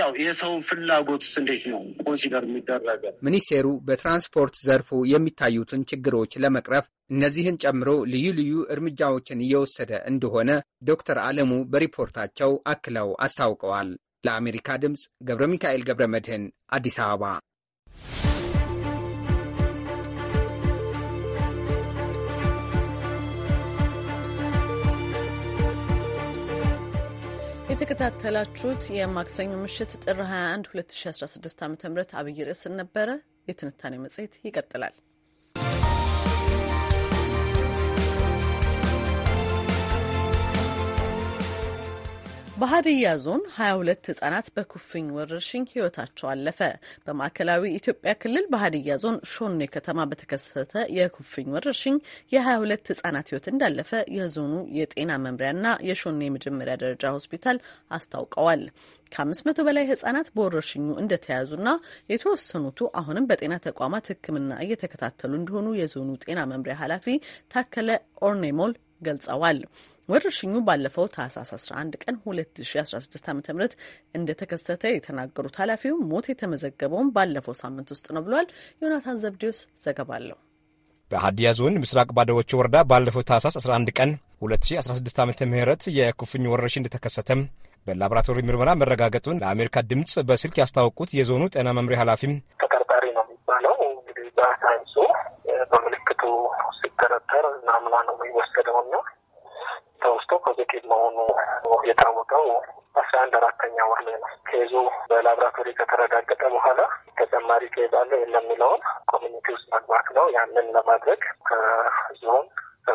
Speaker 3: ያው የሰውን ፍላጎትስ እንዴት ነው ኮንሲደር የሚደረገ?
Speaker 6: ሚኒስቴሩ በትራንስፖርት ዘርፉ የሚታዩትን ችግሮች ለመቅረፍ እነዚህን ጨምሮ ልዩ ልዩ እርምጃዎችን እየወሰደ እንደሆነ ዶክተር አለሙ በሪፖርታቸው አክለው አስታውቀዋል። ለአሜሪካ ድምፅ ገብረ ሚካኤል ገብረ መድህን አዲስ አበባ
Speaker 1: የተከታተላችሁት የማክሰኞ ምሽት ጥር 21 2016 ዓ ም አብይ ርዕስን ነበረ። የትንታኔ መጽሔት ይቀጥላል። በሀዲያ ዞን 22 ህጻናት በኩፍኝ ወረርሽኝ ህይወታቸው አለፈ። በማዕከላዊ ኢትዮጵያ ክልል በሀዲያ ዞን ሾኔ ከተማ በተከሰተ የኩፍኝ ወረርሽኝ የ22 ህጻናት ህይወት እንዳለፈ የዞኑ የጤና መምሪያና የሾኔ የመጀመሪያ ደረጃ ሆስፒታል አስታውቀዋል። ከ500 በላይ ህጻናት በወረርሽኙ እንደተያዙና የተወሰኑቱ አሁንም በጤና ተቋማት ሕክምና እየተከታተሉ እንደሆኑ የዞኑ ጤና መምሪያ ኃላፊ ታከለ ኦርኔሞል ገልጸዋል። ወረርሽኙ ባለፈው ታህሳስ 11 ቀን 2016 ዓ ም እንደተከሰተ የተናገሩት ኃላፊው ሞት የተመዘገበውን ባለፈው ሳምንት ውስጥ ነው ብሏል። ዮናታን ዘብዴዎስ ዘገባ አለው።
Speaker 9: በሀዲያ ዞን ምስራቅ ባደዎች ወረዳ ባለፈው ታህሳስ 11 ቀን 2016 ዓ ም የኩፍኝ ወረርሽኝ እንደተከሰተም በላቦራቶሪ ምርመራ መረጋገጡን ለአሜሪካ ድምፅ በስልክ ያስታወቁት የዞኑ ጤና መምሪያ ኃላፊም ተጠርጣሪ ነው የሚባለው እንግዲህ በሳይንሱ በምልክቱ ሲጠረጠር ናምና ነው የሚወሰደው እና ተወስቶ
Speaker 3: ፖዚቲቭ መሆኑ የታወቀው አስራ አንድ አራተኛ ወር ላይ ነው። ኬዙ በላብራቶሪ ከተረጋገጠ በኋላ ተጨማሪ ኬዝ አለ የለም የሚለውን ኮሚኒቲ ውስጥ መግባት ነው። ያንን ለማድረግ ከዞን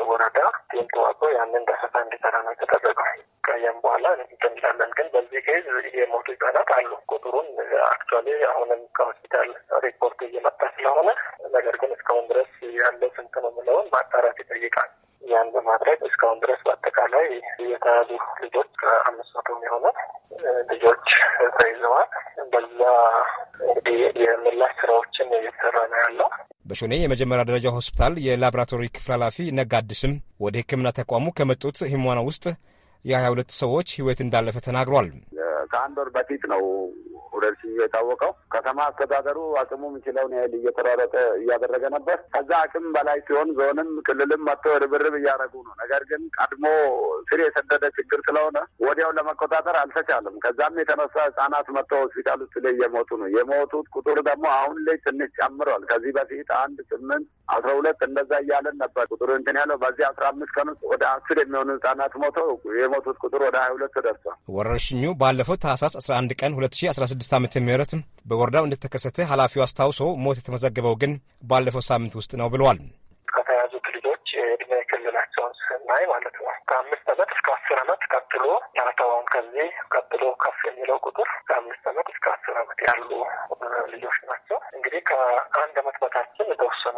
Speaker 3: ወረዳ ቲም ተዋቅሮ ያንን ደሰታ እንዲሰራ ነው የተጠበቀው። ከዚያም በኋላ እንገምታለን። ግን በዚህ ኬዝ የሞቱ ህጻናት አሉ። ቁጥሩን አክቹዋሊ አሁንም ከሆስፒታል ሪፖርት እየመጣ ስለሆነ ነገር ግን እስካሁን ድረስ ያለው ስንት ነው የምለውን ማጣራት ይጠይቃል። ያን በማድረግ እስካሁን ድረስ በአጠቃላይ የተያዙ ልጆች አምስት መቶ የሚሆኑ ልጆች ተይዘዋል። በዛ እንግዲህ የምላሽ ስራዎችን እየተሰራ ነው
Speaker 9: ያለው። በሾኔ የመጀመሪያ ደረጃ ሆስፒታል የላቦራቶሪ ክፍል ኃላፊ አዲስም ወደ ሕክምና ተቋሙ ከመጡት ህሙማን ውስጥ የሀያ ሁለት ሰዎች ህይወት እንዳለፈ ተናግሯል።
Speaker 10: ከአንድ ወር በፊት ነው ወረርሽኙ የታወቀው ከተማ አስተዳደሩ አቅሙ የሚችለውን ያህል እየተሯረጠ እያደረገ ነበር። ከዛ አቅም በላይ ሲሆን ዞንም ክልልም መጥቶ ርብርብ እያደረጉ ነው። ነገር ግን ቀድሞ ስር የሰደደ ችግር ስለሆነ ወዲያው ለመቆጣጠር አልተቻለም። ከዛም የተነሳ ህጻናት መጥቶ ሆስፒታል ውስጥ ላይ እየሞቱ ነው። የሞቱት ቁጥር ደግሞ አሁን ላይ ትንሽ ጨምረዋል። ከዚህ በፊት አንድ ስምንት አስራ ሁለት እንደዛ እያለን ነበር ቁጥሩ እንትን ያለው በዚህ አስራ አምስት ቀን ውስጥ ወደ አስር የሚሆኑ ህጻናት ሞተው የሞቱት ቁጥር ወደ ሀያ ሁለት ደርሷል።
Speaker 9: ወረርሽኙ ባለፈው ታህሳስ አስራ አንድ ቀን ሁለት ሺ አስራ 2016 ዓመት ም በወረዳው እንደተከሰተ ኃላፊው አስታውሶ ሞት የተመዘገበው ግን ባለፈው ሳምንት ውስጥ ነው ብለዋል። ከተያዙት ልጆች የእድሜ ክልላቸውን ስናይ ማለት ነው ከአምስት ዓመት እስከ አስር ዓመት ቀጥሎ ያረተባውን ከዚህ ቀጥሎ ከፍ የሚለው ቁጥር ከአምስት ዓመት እስከ አስር ዓመት ያሉ ልጆች ናቸው። እንግዲህ ከአንድ ዓመት በታችን የተወሰኑ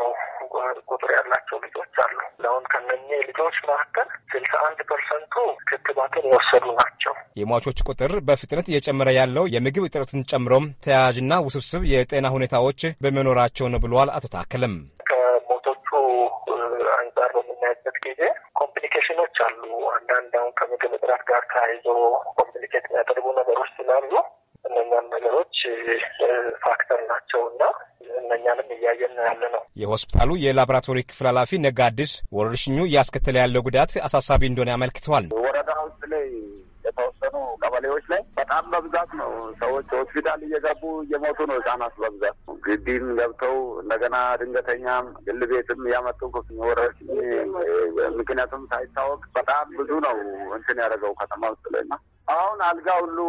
Speaker 9: ቁጥር ያላቸው ልጆች አሉ። ለአሁን ከነኚህ ልጆች መካከል ስልሳ አንድ ፐርሰንቱ ክትባትን የወሰዱ ናቸው። የሟቾች ቁጥር በፍጥነት እየጨመረ ያለው የምግብ እጥረትን ጨምሮም ተያያዥና ውስብስብ የጤና ሁኔታዎች በመኖራቸው ነው ብለዋል አቶ ታክልም። ከሞቶቹ አንጻር በምናይበት ጊዜ ኮምፕሊኬሽኖች አሉ። አንዳንድ አሁን ከምግብ እጥረት ጋር ተያይዞ
Speaker 3: ኮምፕሊኬት የሚያደርጉ ነገሮች ስላሉ እነኛም ነገሮች ፋክተር ናቸው እና እነኛንም እያየን
Speaker 10: ያለ ነው።
Speaker 9: የሆስፒታሉ የላቦራቶሪ ክፍል ኃላፊ አዲስ ወረርሽኙ እያስከተለ ያለው ጉዳት አሳሳቢ እንደሆነ ያመልክተዋል።
Speaker 10: ወረዳ ውስጥ ላይ ቀበሌዎች ላይ በጣም በብዛት ነው። ሰዎች ሆስፒታል እየገቡ እየሞቱ ነው። ህጻናት በብዛት ግቢም ገብተው እንደገና ድንገተኛም ግል ቤትም እያመጡ ወረርሽኝ ምክንያቱም ሳይታወቅ በጣም ብዙ ነው እንትን ያደረገው ከተማ ውስጥ ላይ ና አሁን አልጋ ሁሉ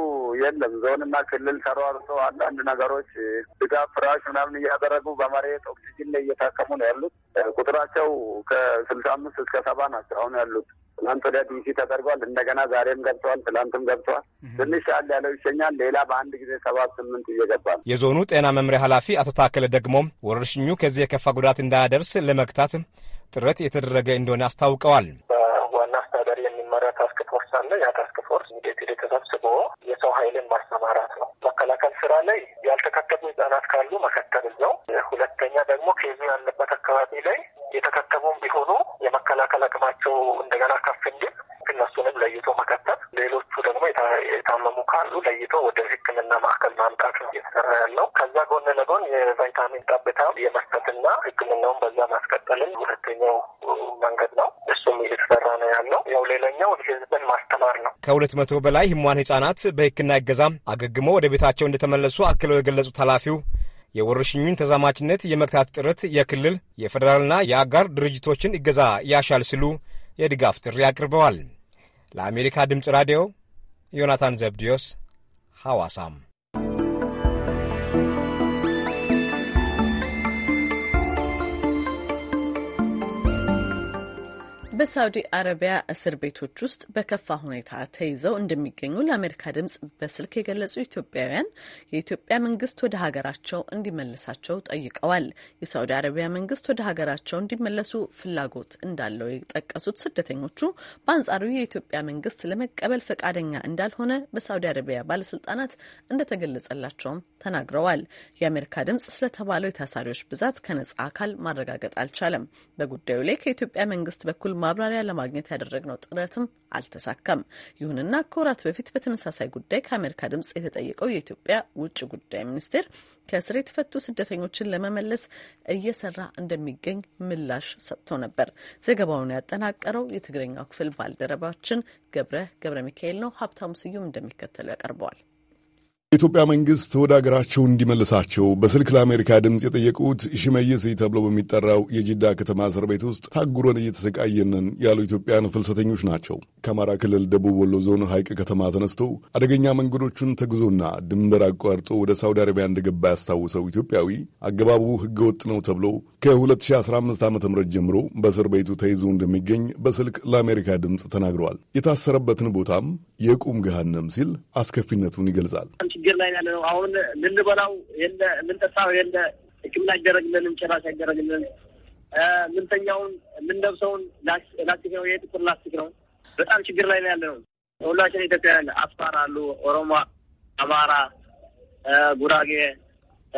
Speaker 10: የለም። ዞንና ክልል ተሯርጦ አንዳንድ ነገሮች ድጋፍ ፍራሽ ምናምን እያደረጉ በመሬት ኦክሲጅን ላይ እየታከሙ ነው ያሉት። ቁጥራቸው ከስልሳ አምስት እስከ ሰባ ናቸው አሁን ያሉት ትላንት ወደ ዲሲ ተደርጓል። እንደገና ዛሬም ገብተዋል፣ ትላንትም ገብተዋል። ትንሽ አለ ያለው ይሸኛል። ሌላ በአንድ ጊዜ ሰባት ስምንት እየገባ ነው።
Speaker 9: የዞኑ ጤና መምሪያ ኃላፊ አቶ ታከለ ደግሞ ወረርሽኙ ከዚህ የከፋ ጉዳት እንዳያደርስ ለመግታት ጥረት የተደረገ እንደሆነ አስታውቀዋል። በዋና አስተዳደር የሚመራ ታስክ ፎርስ አለ። ያ
Speaker 3: ታስክ ፎርስ ሚዴትድ ተሰብስቦ የሰው ኃይልን ማሰማራት ነው። መከላከል ስራ ላይ ያልተከተሉ ህጻናት ካሉ መከተል ነው። ሁለተኛ ደግሞ ከዚህ ያለበት አካባቢ ላይ የተከተቡም ቢሆኑ የመከላከል አቅማቸው እንደገና ከፍ እንዲል እነሱንም ለይቶ መከተብ፣ ሌሎቹ ደግሞ የታመሙ ካሉ ለይቶ ወደ ሕክምና ማዕከል ማምጣት ነው እየተሰራ ያለው። ከዛ ጎን ለጎን የቫይታሚን ጠብታ የመስጠትና ሕክምናውን በዛ ማስቀጠልን ሁለተኛው መንገድ ነው። እሱም እየተሰራ ነው ያለው። ያው ሌላኛው
Speaker 9: ህዝብን ማስተማር ነው። ከሁለት መቶ በላይ ህሙማን ህጻናት በሕክምና እገዛም አገግሞ ወደ ቤታቸው እንደተመለሱ አክለው የገለጹት ኃላፊው የወረርሽኙን ተዛማችነት የመግታት ጥረት የክልል የፌዴራልና የአጋር ድርጅቶችን እገዛ ያሻል ሲሉ የድጋፍ ጥሪ አቅርበዋል። ለአሜሪካ ድምፅ ራዲዮ ዮናታን ዘብዲዮስ ሐዋሳም
Speaker 1: በሳዑዲ አረቢያ እስር ቤቶች ውስጥ በከፋ ሁኔታ ተይዘው እንደሚገኙ ለአሜሪካ ድምጽ በስልክ የገለጹ ኢትዮጵያውያን የኢትዮጵያ መንግስት ወደ ሀገራቸው እንዲመለሳቸው ጠይቀዋል። የሳዑዲ አረቢያ መንግስት ወደ ሀገራቸው እንዲመለሱ ፍላጎት እንዳለው የጠቀሱት ስደተኞቹ በአንጻሩ የኢትዮጵያ መንግስት ለመቀበል ፈቃደኛ እንዳልሆነ በሳዑዲ አረቢያ ባለስልጣናት እንደተገለጸላቸውም ተናግረዋል። የአሜሪካ ድምጽ ስለተባለው የታሳሪዎች ብዛት ከነጻ አካል ማረጋገጥ አልቻለም። በጉዳዩ ላይ ከኢትዮጵያ መንግስት በኩል ማብራሪያ ለማግኘት ያደረግነው ጥረትም አልተሳካም። ይሁንና ከወራት በፊት በተመሳሳይ ጉዳይ ከአሜሪካ ድምጽ የተጠየቀው የኢትዮጵያ ውጭ ጉዳይ ሚኒስቴር ከእስር የተፈቱ ስደተኞችን ለመመለስ እየሰራ እንደሚገኝ ምላሽ ሰጥቶ ነበር። ዘገባውን ያጠናቀረው የትግረኛው ክፍል ባልደረባችን ገብረ ገብረ ሚካኤል ነው። ሀብታሙ ስዩም እንደሚከተለው ያቀርበዋል።
Speaker 11: የኢትዮጵያ መንግስት ወደ አገራቸው እንዲመልሳቸው በስልክ ለአሜሪካ ድምፅ የጠየቁት ሽመይስ ተብሎ በሚጠራው የጅዳ ከተማ እስር ቤት ውስጥ ታጉረን እየተሰቃየንን ያሉ ኢትዮጵያን ፍልሰተኞች ናቸው። ከአማራ ክልል ደቡብ ወሎ ዞን ሐይቅ ከተማ ተነስቶ አደገኛ መንገዶቹን ተጉዞና ድንበር አቋርጦ ወደ ሳውዲ አረቢያ እንደገባ ያስታውሰው ኢትዮጵያዊ አገባቡ ወጥ ነው ተብሎ ከ2015 ዓ ም ጀምሮ በእስር ቤቱ ተይዞ እንደሚገኝ በስልክ ለአሜሪካ ድምፅ ተናግረዋል። የታሰረበትን ቦታም የቁም ገሃነም ሲል አስከፊነቱን ይገልጻል።
Speaker 8: ችግር ላይ ያለ ነው። አሁን ልንበላው የለ፣ ልንጠጣው የለ፣ ሕክምና አይደረግልንም፣ ጭራሽ አይደረግልንም። ምንተኛውን የምንለብሰውን ላስቲክ ነው፣ የጥቁር ላስቲክ ነው። በጣም ችግር ላይ ያለ ነው። ሁላችን ኢትዮጵያውያን አፋር አሉ፣ ኦሮሞ፣ አማራ፣ ጉራጌ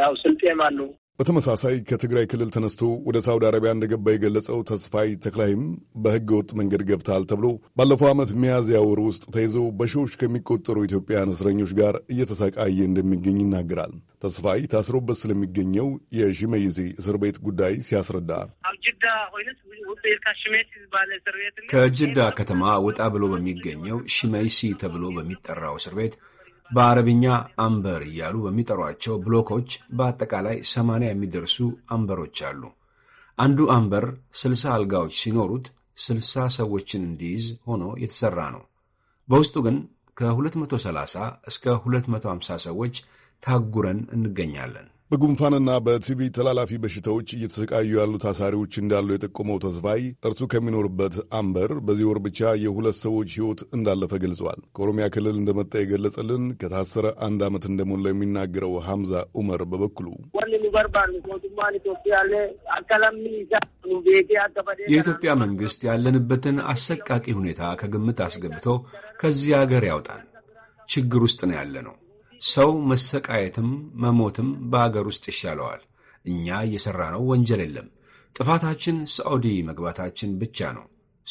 Speaker 8: ያው ስልጤም አሉ
Speaker 11: በተመሳሳይ ከትግራይ ክልል ተነስቶ ወደ ሳውዲ አረቢያ እንደገባ የገለጸው ተስፋይ ተክላይም በሕገ ወጥ መንገድ ገብታል ተብሎ ባለፈው ዓመት ሚያዝያ ወር ውስጥ ተይዞ በሺዎች ከሚቆጠሩ ኢትዮጵያውያን እስረኞች ጋር እየተሰቃየ እንደሚገኝ ይናገራል። ተስፋይ ታስሮበት ስለሚገኘው የሺመይዜ እስር ቤት ጉዳይ ሲያስረዳ ከጅዳ
Speaker 12: ከተማ ወጣ ብሎ በሚገኘው ሽመይሲ ተብሎ በሚጠራው እስር ቤት በአረብኛ አምበር እያሉ በሚጠሯቸው ብሎኮች በአጠቃላይ ሰማንያ የሚደርሱ አምበሮች አሉ። አንዱ አምበር ስልሳ አልጋዎች ሲኖሩት ስልሳ ሰዎችን እንዲይዝ ሆኖ የተሠራ ነው። በውስጡ ግን ከ230 እስከ 250 ሰዎች ታጉረን እንገኛለን።
Speaker 11: በጉንፋንና በቲቪ ተላላፊ በሽታዎች እየተሰቃዩ ያሉ ታሳሪዎች እንዳሉ የጠቆመው ተስፋይ እርሱ ከሚኖርበት አምበር በዚህ ወር ብቻ የሁለት ሰዎች ሕይወት እንዳለፈ ገልጿል። ከኦሮሚያ ክልል እንደመጣ የገለጸልን ከታሰረ አንድ ዓመት እንደሞላ የሚናገረው ሐምዛ ኡመር በበኩሉ የኢትዮጵያ መንግሥት ያለንበትን አሰቃቂ
Speaker 12: ሁኔታ ከግምት አስገብቶ ከዚህ አገር ያውጣል። ችግር ውስጥ ነው ያለ ነው። ሰው መሰቃየትም መሞትም በአገር ውስጥ ይሻለዋል። እኛ እየሠራነው ወንጀል የለም። ጥፋታችን ሳዑዲ መግባታችን ብቻ ነው።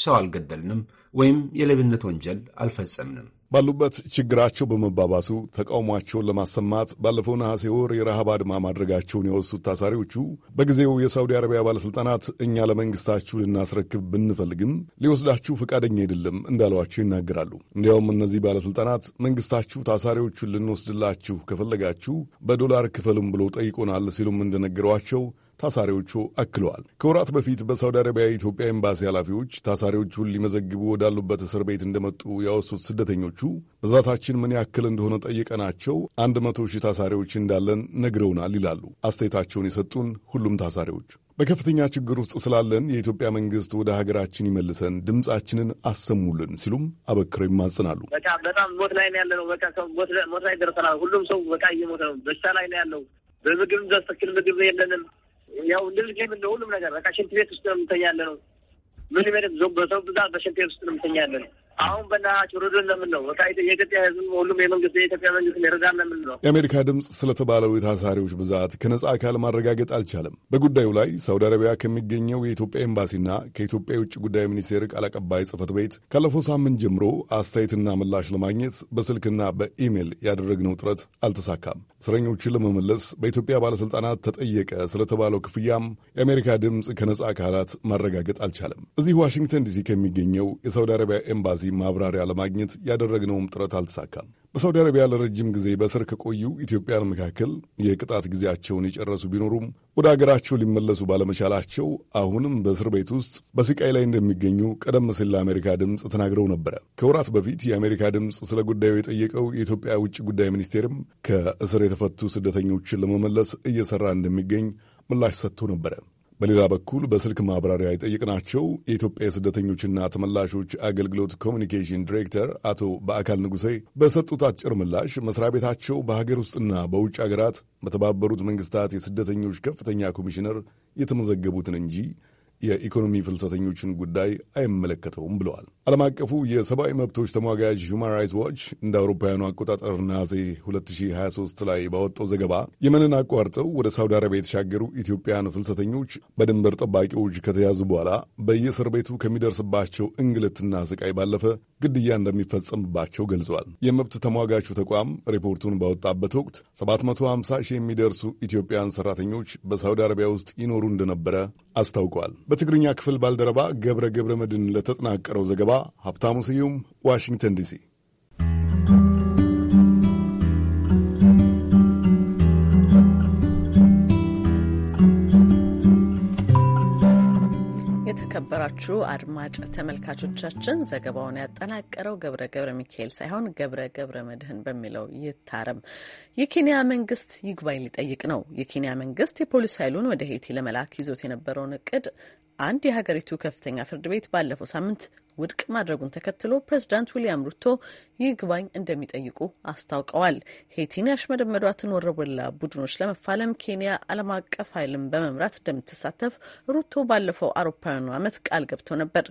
Speaker 12: ሰው አልገደልንም ወይም የሌብነት ወንጀል አልፈጸምንም።
Speaker 11: ባሉበት ችግራቸው በመባባሱ ተቃውሟቸውን ለማሰማት ባለፈው ነሐሴ ወር የረሃብ አድማ ማድረጋቸውን የወሱት ታሳሪዎቹ በጊዜው የሳውዲ አረቢያ ባለሥልጣናት እኛ ለመንግሥታችሁ ልናስረክብ ብንፈልግም ሊወስዳችሁ ፈቃደኛ አይደለም እንዳሏቸው ይናገራሉ። እንዲያውም እነዚህ ባለሥልጣናት መንግሥታችሁ ታሳሪዎቹን ልንወስድላችሁ ከፈለጋችሁ በዶላር ክፈልም ብሎ ጠይቆናል ሲሉም እንደነገሯቸው ታሳሪዎቹ አክለዋል። ከወራት በፊት በሳውዲ አረቢያ የኢትዮጵያ ኤምባሲ ኃላፊዎች ታሳሪዎቹን ሊመዘግቡ ወዳሉበት እስር ቤት እንደመጡ ያወሱት ስደተኞቹ ብዛታችን ምን ያክል እንደሆነ ጠይቀናቸው አንድ መቶ ሺህ ታሳሪዎች እንዳለን ነግረውናል ይላሉ አስተያየታቸውን የሰጡን ሁሉም ታሳሪዎች በከፍተኛ ችግር ውስጥ ስላለን የኢትዮጵያ መንግስት ወደ ሀገራችን ይመልሰን፣ ድምጻችንን አሰሙልን ሲሉም አበክረው ይማጽናሉ።
Speaker 8: በቃ በጣም ሞት ላይ ነው ያለ ነው። በቃ ሰው ሞት ላይ ደርሰናል። ሁሉም ሰው በቃ እየሞተ ነው። በሽታ ላይ ነው ያለው። በምግብ በትክክል ምግብ የለንም። ያው ጌም እንደ ሁሉም ነገር በቃ ሽንት ቤት ውስጥ ነው የምንተኛ ነው። ምን ምንም በሰው ብዛት በሽንት ቤት ውስጥ ነው የምንተኛ ነው። አሁን በናቸው ሩድን ለምን ነው በቃ የኢትዮጵያ ህዝብ ሁሉም የመንግስት የኢትዮጵያ መንግስት ይረዳን ለምን
Speaker 11: ነው። የአሜሪካ ድምፅ ስለተባለው የታሳሪዎች ብዛት ከነጻ አካል ማረጋገጥ አልቻለም። በጉዳዩ ላይ ሳውዲ አረቢያ ከሚገኘው የኢትዮጵያ ኤምባሲና ከኢትዮጵያ የውጭ ጉዳይ ሚኒስቴር ቃል አቀባይ ጽህፈት ቤት ካለፈው ሳምንት ጀምሮ አስተያየትና ምላሽ ለማግኘት በስልክና በኢሜይል ያደረግነው ጥረት አልተሳካም። እስረኞችን ለመመለስ በኢትዮጵያ ባለሥልጣናት ተጠየቀ ስለተባለው ክፍያም የአሜሪካ ድምፅ ከነጻ አካላት ማረጋገጥ አልቻለም። እዚህ ዋሽንግተን ዲሲ ከሚገኘው የሳውዲ አረቢያ ኤምባሲ ማብራሪያ ለማግኘት ያደረግነውም ጥረት አልተሳካም። በሳውዲ አረቢያ ለረጅም ጊዜ በእስር ከቆዩ ኢትዮጵያን መካከል የቅጣት ጊዜያቸውን የጨረሱ ቢኖሩም ወደ አገራቸው ሊመለሱ ባለመቻላቸው አሁንም በእስር ቤት ውስጥ በስቃይ ላይ እንደሚገኙ ቀደም ሲል ለአሜሪካ ድምፅ ተናግረው ነበረ። ከወራት በፊት የአሜሪካ ድምፅ ስለ ጉዳዩ የጠየቀው የኢትዮጵያ ውጭ ጉዳይ ሚኒስቴርም ከእስር የተፈቱ ስደተኞችን ለመመለስ እየሰራ እንደሚገኝ ምላሽ ሰጥቶ ነበረ። በሌላ በኩል በስልክ ማብራሪያ የጠየቅናቸው የኢትዮጵያ የስደተኞችና ተመላሾች አገልግሎት ኮሚኒኬሽን ዲሬክተር አቶ በአካል ንጉሴ በሰጡት አጭር ምላሽ መስሪያ ቤታቸው በሀገር ውስጥና በውጭ ሀገራት በተባበሩት መንግስታት የስደተኞች ከፍተኛ ኮሚሽነር የተመዘገቡትን እንጂ የኢኮኖሚ ፍልሰተኞችን ጉዳይ አይመለከተውም ብለዋል። ዓለም አቀፉ የሰብአዊ መብቶች ተሟጋጅ ሁማን ራይትስ ዋች እንደ አውሮፓውያኑ አቆጣጠር ነሐሴ 2023 ላይ ባወጣው ዘገባ የመንን አቋርጠው ወደ ሳውዲ አረቢያ የተሻገሩ ኢትዮጵያን ፍልሰተኞች በድንበር ጠባቂዎች ከተያዙ በኋላ በየእስር ቤቱ ከሚደርስባቸው እንግልትና ስቃይ ባለፈ ግድያ እንደሚፈጸምባቸው ገልጿል። የመብት ተሟጋቹ ተቋም ሪፖርቱን ባወጣበት ወቅት 750 ሺህ የሚደርሱ ኢትዮጵያን ሰራተኞች በሳውዲ አረቢያ ውስጥ ይኖሩ እንደነበረ አስታውቋል። በትግርኛ ክፍል ባልደረባ ገብረ ገብረ መድን ለተጠናቀረው ዘገባ ሀብታሙ ስዩም ዋሽንግተን ዲሲ
Speaker 1: የተከበራችሁ አድማጭ ተመልካቾቻችን ዘገባውን ያጠናቀረው ገብረ ገብረ ሚካኤል ሳይሆን ገብረ ገብረ መድህን በሚለው ይታረም። የኬንያ መንግስት ይግባኝ ሊጠይቅ ነው። የኬንያ መንግስት የፖሊስ ኃይሉን ወደ ሄቲ ለመላክ ይዞት የነበረውን እቅድ አንድ የሀገሪቱ ከፍተኛ ፍርድ ቤት ባለፈው ሳምንት ውድቅ ማድረጉን ተከትሎ ፕሬዚዳንት ዊልያም ሩቶ ይግባኝ እንደሚጠይቁ አስታውቀዋል። ሄቲን ያሽመደመዷትን ወረበላ ቡድኖች ለመፋለም ኬንያ ዓለም አቀፍ ኃይልን በመምራት እንደምትሳተፍ ሩቶ ባለፈው አውሮፓውያኑ ዓመት ቃል ገብተው ነበር።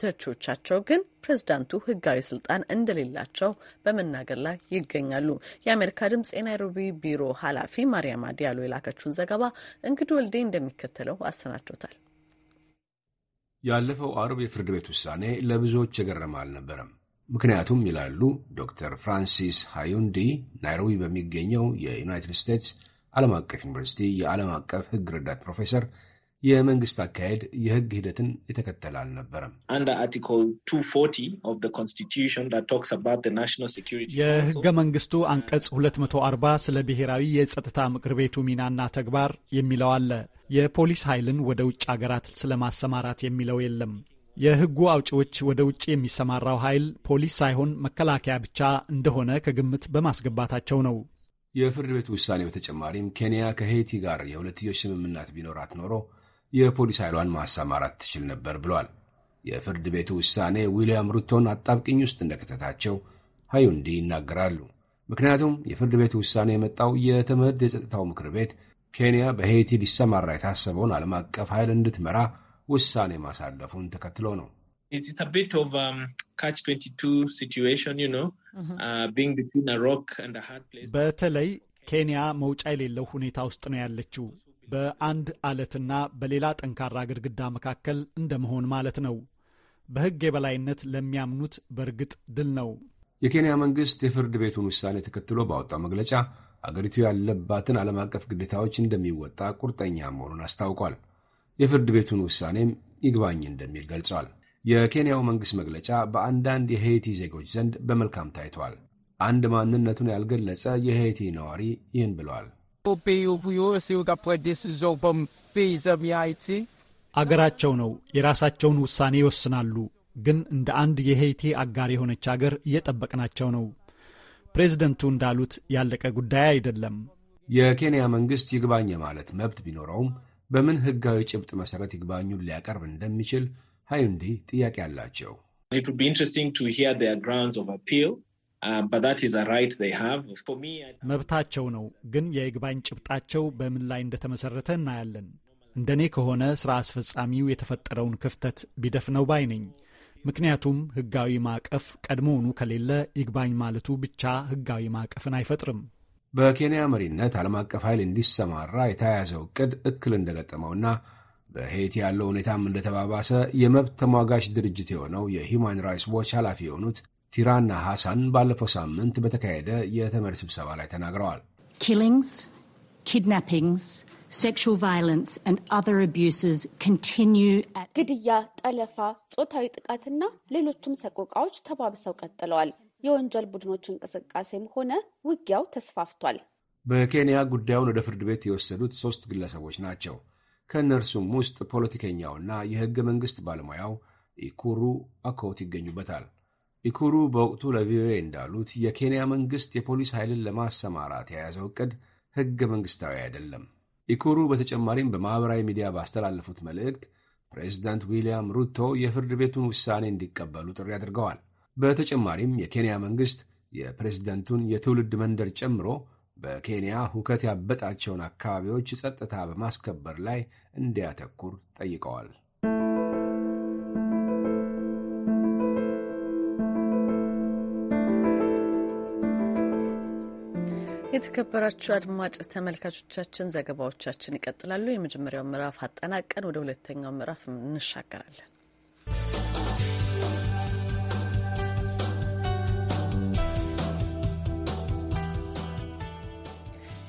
Speaker 1: ተቾቻቸው ግን ፕሬዚዳንቱ ሕጋዊ ስልጣን እንደሌላቸው በመናገር ላይ ይገኛሉ። የአሜሪካ ድምጽ የናይሮቢ ቢሮ ኃላፊ ማርያማ ዲያሎ የላከችውን ዘገባ እንግዲህ ወልዴ እንደሚከተለው አሰናድቶታል።
Speaker 12: ያለፈው አርብ የፍርድ ቤት ውሳኔ ለብዙዎች የገረመ አልነበረም። ምክንያቱም ይላሉ ዶክተር ፍራንሲስ ሃዩንዲ ናይሮቢ በሚገኘው የዩናይትድ ስቴትስ ዓለም አቀፍ ዩኒቨርሲቲ የዓለም አቀፍ ሕግ ረዳት ፕሮፌሰር የመንግስት አካሄድ የህግ ሂደትን የተከተለ አልነበረም።
Speaker 13: የህገ መንግስቱ አንቀጽ 240 ስለ ብሔራዊ የጸጥታ ምክር ቤቱ ሚናና ተግባር የሚለው አለ። የፖሊስ ኃይልን ወደ ውጭ ሀገራት ስለማሰማራት የሚለው የለም። የህጉ አውጪዎች ወደ ውጭ የሚሰማራው ኃይል ፖሊስ ሳይሆን መከላከያ ብቻ እንደሆነ ከግምት በማስገባታቸው ነው።
Speaker 12: የፍርድ ቤቱ ውሳኔ በተጨማሪም ኬንያ ከሄይቲ ጋር የሁለትዮሽ ስምምነት ቢኖራት ኖሮ የፖሊስ ኃይሏን ማሰማራት ትችል ነበር ብሏል። የፍርድ ቤቱ ውሳኔ ዊልያም ሩቶን አጣብቅኝ ውስጥ እንደከተታቸው ሀዩንዲ ይናገራሉ። ምክንያቱም የፍርድ ቤቱ ውሳኔ የመጣው የትምህርት የጸጥታው ምክር ቤት ኬንያ በሄይቲ ሊሰማራ የታሰበውን ዓለም አቀፍ ኃይል እንድትመራ ውሳኔ ማሳለፉን ተከትሎ ነው።
Speaker 9: um, mm-hmm. uh,
Speaker 13: በተለይ ኬንያ መውጫ የሌለው ሁኔታ ውስጥ ነው ያለችው። በአንድ አለትና በሌላ ጠንካራ ግድግዳ መካከል እንደመሆን ማለት ነው። በሕግ የበላይነት ለሚያምኑት በእርግጥ ድል ነው።
Speaker 12: የኬንያ መንግሥት የፍርድ ቤቱን ውሳኔ ተከትሎ ባወጣው መግለጫ አገሪቱ ያለባትን ዓለም አቀፍ ግዴታዎች እንደሚወጣ ቁርጠኛ መሆኑን አስታውቋል። የፍርድ ቤቱን ውሳኔም ይግባኝ እንደሚል ገልጿል። የኬንያው መንግሥት መግለጫ በአንዳንድ የሄይቲ ዜጎች ዘንድ በመልካም ታይቷል። አንድ ማንነቱን ያልገለጸ የሄይቲ
Speaker 13: ነዋሪ ይህን ብለዋል። Pour አገራቸው ነው። የራሳቸውን ውሳኔ ይወስናሉ። ግን እንደ አንድ የሄይቲ አጋር የሆነች አገር እየጠበቅናቸው ነው። ፕሬዚደንቱ እንዳሉት ያለቀ ጉዳይ አይደለም።
Speaker 12: የኬንያ መንግሥት ይግባኝ ማለት መብት ቢኖረውም በምን ሕጋዊ ጭብጥ መሠረት ይግባኙን ሊያቀርብ እንደሚችል ሃዩንዴ ጥያቄ አላቸው።
Speaker 9: Um,
Speaker 13: መብታቸው ነው፣ ግን የይግባኝ ጭብጣቸው በምን ላይ እንደተመሰረተ እናያለን። እንደኔ ከሆነ ሥራ አስፈጻሚው የተፈጠረውን ክፍተት ቢደፍነው ባይ ነኝ። ምክንያቱም ሕጋዊ ማዕቀፍ ቀድሞውኑ ከሌለ ይግባኝ ማለቱ ብቻ ሕጋዊ ማዕቀፍን አይፈጥርም።
Speaker 12: በኬንያ መሪነት ዓለም አቀፍ ኃይል እንዲሰማራ የተያያዘው ዕቅድ እክል እንደገጠመውና በሄይቲ ያለው ሁኔታም እንደተባባሰ የመብት ተሟጋች ድርጅት የሆነው የሂውማን ራይትስ ዎች ኃላፊ የሆኑት ቲራና ሐሳን ባለፈው ሳምንት በተካሄደ የተመድ ስብሰባ ላይ ተናግረዋል።
Speaker 14: ኪሊንግስ፣ ኪድናፒንግስ፣ ሴክሹዋል ቫዮለንስ ኤንድ አዘር አቢዩስስ
Speaker 5: ግድያ፣ ጠለፋ፣ ጾታዊ ጥቃትና ሌሎችም ሰቆቃዎች ተባብሰው ቀጥለዋል። የወንጀል ቡድኖች እንቅስቃሴም ሆነ ውጊያው ተስፋፍቷል።
Speaker 12: በኬንያ ጉዳዩን ወደ ፍርድ ቤት የወሰዱት ሦስት ግለሰቦች ናቸው። ከእነርሱም ውስጥ ፖለቲከኛውና የሕገ መንግሥት ባለሙያው ኢኩሩ አኮት ይገኙበታል። ኢኩሩ በወቅቱ ለቪኦኤ እንዳሉት የኬንያ መንግሥት የፖሊስ ኃይልን ለማሰማራት የያዘው ዕቅድ ሕገ መንግሥታዊ አይደለም። ኢኩሩ በተጨማሪም በማኅበራዊ ሚዲያ ባስተላለፉት መልእክት ፕሬዚዳንት ዊልያም ሩቶ የፍርድ ቤቱን ውሳኔ እንዲቀበሉ ጥሪ አድርገዋል። በተጨማሪም የኬንያ መንግሥት የፕሬዝደንቱን የትውልድ መንደር ጨምሮ በኬንያ ሁከት ያበጣቸውን አካባቢዎች ጸጥታ በማስከበር ላይ እንዲያተኩር ጠይቀዋል።
Speaker 1: የተከበራችሁ አድማጭ ተመልካቾቻችን ዘገባዎቻችን ይቀጥላሉ። የመጀመሪያው ምዕራፍ አጠናቀን ወደ ሁለተኛው ምዕራፍ እንሻገራለን።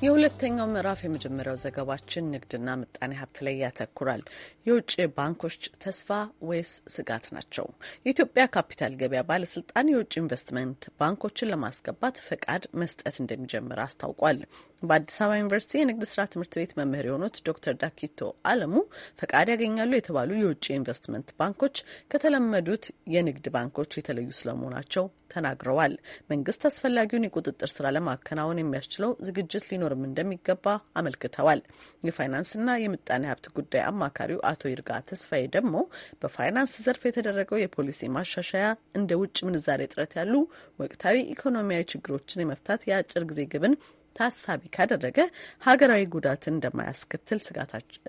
Speaker 1: የሁለተኛው ምዕራፍ የመጀመሪያው ዘገባችን ንግድና ምጣኔ ሀብት ላይ ያተኩራል። የውጭ ባንኮች ተስፋ ወይስ ስጋት ናቸው? የኢትዮጵያ ካፒታል ገበያ ባለስልጣን የውጭ ኢንቨስትመንት ባንኮችን ለማስገባት ፈቃድ መስጠት እንደሚጀምር አስታውቋል። በአዲስ አበባ ዩኒቨርሲቲ የንግድ ስራ ትምህርት ቤት መምህር የሆኑት ዶክተር ዳኪቶ አለሙ ፈቃድ ያገኛሉ የተባሉ የውጭ ኢንቨስትመንት ባንኮች ከተለመዱት የንግድ ባንኮች የተለዩ ስለመሆናቸው ተናግረዋል። መንግስት አስፈላጊውን የቁጥጥር ስራ ለማከናወን የሚያስችለው ዝግጅት ሊኖርም እንደሚገባ አመልክተዋል። የፋይናንስና የምጣኔ ሀብት ጉዳይ አማካሪው አቶ ይርጋ ተስፋዬ ደግሞ በፋይናንስ ዘርፍ የተደረገው የፖሊሲ ማሻሻያ እንደ ውጭ ምንዛሬ እጥረት ያሉ ወቅታዊ ኢኮኖሚያዊ ችግሮችን የመፍታት የአጭር ጊዜ ግብን ታሳቢ ካደረገ ሀገራዊ ጉዳት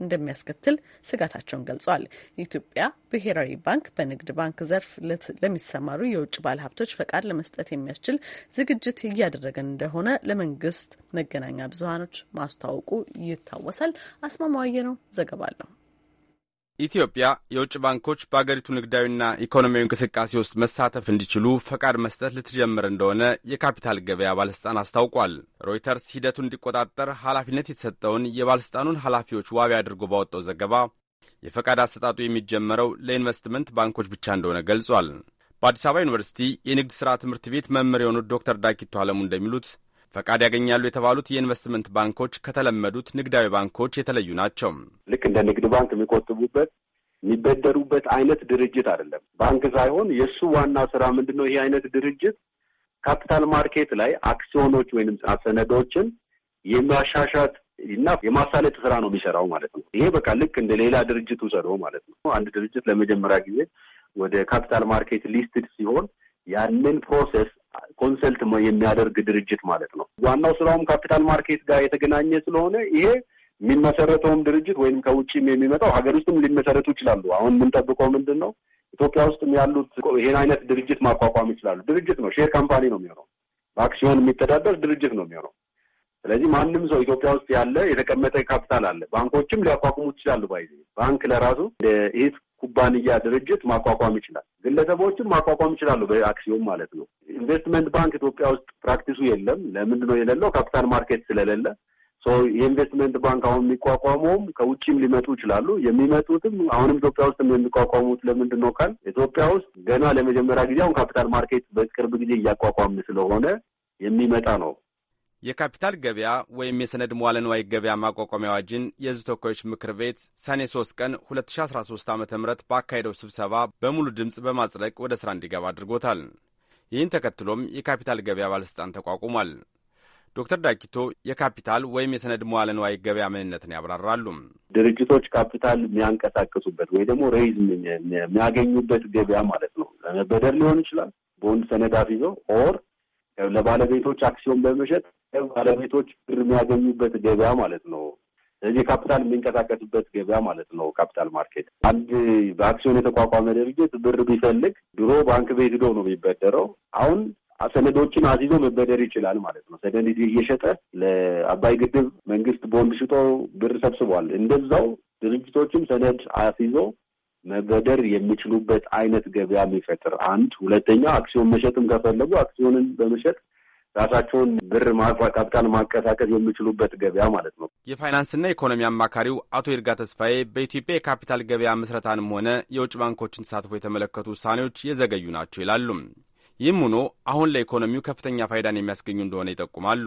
Speaker 1: እንደሚያስከትል ስጋታቸውን ገልጿል። የኢትዮጵያ ብሔራዊ ባንክ በንግድ ባንክ ዘርፍ ለሚሰማሩ የውጭ ባለሀብቶች ፈቃድ ለመስጠት የሚያስችል ዝግጅት እያደረገ እንደሆነ ለመንግስት መገናኛ ብዙሀኖች ማስታወቁ ይታወሳል። አስማማዋየ ነው ዘገባ
Speaker 15: ኢትዮጵያ የውጭ ባንኮች በአገሪቱ ንግዳዊና ኢኮኖሚያዊ እንቅስቃሴ ውስጥ መሳተፍ እንዲችሉ ፈቃድ መስጠት ልትጀምር እንደሆነ የካፒታል ገበያ ባለሥልጣን አስታውቋል። ሮይተርስ ሂደቱን እንዲቆጣጠር ኃላፊነት የተሰጠውን የባለስልጣኑን ኃላፊዎች ዋቢ አድርጎ ባወጣው ዘገባ የፈቃድ አሰጣጡ የሚጀመረው ለኢንቨስትመንት ባንኮች ብቻ እንደሆነ ገልጿል። በአዲስ አበባ ዩኒቨርሲቲ የንግድ ሥራ ትምህርት ቤት መምህር የሆኑት ዶክተር ዳኪቶ አለሙ እንደሚሉት ፈቃድ ያገኛሉ የተባሉት የኢንቨስትመንት ባንኮች ከተለመዱት ንግዳዊ ባንኮች የተለዩ ናቸው።
Speaker 16: ልክ እንደ ንግድ ባንክ የሚቆጥቡበት የሚበደሩበት አይነት ድርጅት አይደለም። ባንክ ሳይሆን የእሱ ዋና ስራ ምንድን ነው? ይህ አይነት ድርጅት ካፒታል ማርኬት ላይ አክሲዮኖች ወይም ሰነዶችን የማሻሻት እና የማሳለጥ ስራ ነው የሚሰራው ማለት ነው። ይሄ በቃ ልክ እንደ ሌላ ድርጅት ውሰደው ማለት ነው። አንድ ድርጅት ለመጀመሪያ ጊዜ ወደ ካፒታል ማርኬት ሊስትድ ሲሆን ያንን ፕሮሰስ ኮንሰልት የሚያደርግ ድርጅት ማለት ነው። ዋናው ስራውም ካፒታል ማርኬት ጋር የተገናኘ ስለሆነ ይሄ የሚመሰረተውም ድርጅት ወይም ከውጭም የሚመጣው ሀገር ውስጥም ሊመሰረቱ ይችላሉ። አሁን የምንጠብቀው ምንድን ነው? ኢትዮጵያ ውስጥም ያሉት ይሄን አይነት ድርጅት ማቋቋም ይችላሉ። ድርጅት ነው፣ ሼር ካምፓኒ ነው የሚሆነው። በአክሲዮን የሚተዳደር ድርጅት ነው የሚሆነው። ስለዚህ ማንም ሰው ኢትዮጵያ ውስጥ ያለ የተቀመጠ ካፒታል አለ፣ ባንኮችም ሊያቋቁሙ ይችላሉ። ባይዚ ባንክ ለራሱ ኢት ኩባንያ ድርጅት ማቋቋም ይችላል። ግለሰቦችን ማቋቋም ይችላሉ፣ በአክሲዮን ማለት ነው። ኢንቨስትመንት ባንክ ኢትዮጵያ ውስጥ ፕራክቲሱ የለም። ለምንድን ነው የሌለው? ካፒታል ማርኬት ስለሌለ። የኢንቨስትመንት ባንክ አሁን የሚቋቋመውም ከውጭም ሊመጡ ይችላሉ። የሚመጡትም አሁንም ኢትዮጵያ ውስጥ የሚቋቋሙት ለምንድን ነው ካል ኢትዮጵያ ውስጥ ገና ለመጀመሪያ ጊዜ አሁን ካፒታል ማርኬት በቅርብ ጊዜ እያቋቋም ስለሆነ የሚመጣ ነው
Speaker 15: የካፒታል ገበያ ወይም የሰነድ መዋለ ንዋይ ገበያ ማቋቋሚያ አዋጅን የሕዝብ ተወካዮች ምክር ቤት ሰኔ 3 ቀን 2013 ዓ ም ባካሄደው ስብሰባ በሙሉ ድምፅ በማጽደቅ ወደ ሥራ እንዲገባ አድርጎታል። ይህን ተከትሎም የካፒታል ገበያ ባለሥልጣን ተቋቁሟል። ዶክተር ዳኪቶ የካፒታል ወይም የሰነድ መዋለ ንዋይ ገበያ ምንነትን ያብራራሉ።
Speaker 16: ድርጅቶች ካፒታል የሚያንቀሳቅሱበት ወይ ደግሞ ሬይዝ የሚያገኙበት ገበያ ማለት ነው። በደር ሊሆን ይችላል ቦንድ ሰነድ አፍይዘው ኦር ለባለቤቶች አክሲዮን በመሸጥ ባለቤቶች ብር የሚያገኙበት ገበያ ማለት ነው። ስለዚህ ካፒታል የሚንቀሳቀስበት ገበያ ማለት ነው። ካፒታል ማርኬት አንድ በአክሲዮን የተቋቋመ ድርጅት ብር ቢፈልግ ድሮ ባንክ ቤት ሂዶ ነው የሚበደረው። አሁን ሰነዶችን አስይዞ መበደር ይችላል ማለት ነው። ሰነድ እየሸጠ ለአባይ ግድብ መንግስት ቦንድ ሽጦ ብር ሰብስቧል። እንደዛው ድርጅቶችም ሰነድ አስይዞ መበደር የሚችሉበት አይነት ገበያ የሚፈጥር አንድ፣ ሁለተኛ አክሲዮን መሸጥም ከፈለጉ አክሲዮንን በመሸጥ ራሳቸውን ብር ካፒታል ማንቀሳቀስ የሚችሉበት ገበያ ማለት ነው።
Speaker 15: የፋይናንስና ኢኮኖሚ አማካሪው አቶ ይርጋ ተስፋዬ በኢትዮጵያ የካፒታል ገበያ ምስረታንም ሆነ የውጭ ባንኮችን ተሳትፎ የተመለከቱ ውሳኔዎች የዘገዩ ናቸው ይላሉ። ይህም ሆኖ አሁን ለኢኮኖሚው ከፍተኛ ፋይዳን የሚያስገኙ እንደሆነ ይጠቁማሉ።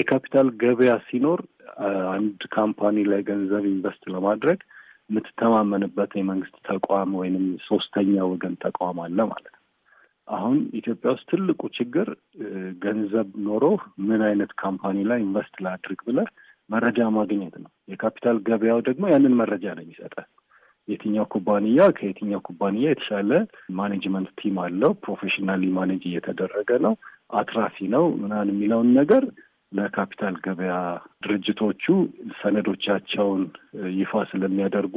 Speaker 17: የካፒታል ገበያ ሲኖር አንድ ካምፓኒ ላይ ገንዘብ ኢንቨስት ለማድረግ የምትተማመንበት የመንግስት ተቋም ወይንም ሶስተኛ ወገን ተቋም አለ ማለት ነው። አሁን ኢትዮጵያ ውስጥ ትልቁ ችግር ገንዘብ ኖሮ ምን አይነት ካምፓኒ ላይ ኢንቨስት ላድርግ ብለህ መረጃ ማግኘት ነው። የካፒታል ገበያው ደግሞ ያንን መረጃ ነው የሚሰጠ የትኛው ኩባንያ ከየትኛው ኩባንያ የተሻለ ማኔጅመንት ቲም አለው፣ ፕሮፌሽናሊ ማኔጅ እየተደረገ ነው፣ አትራፊ ነው ምናምን የሚለውን ነገር ለካፒታል ገበያ ድርጅቶቹ ሰነዶቻቸውን ይፋ ስለሚያደርጉ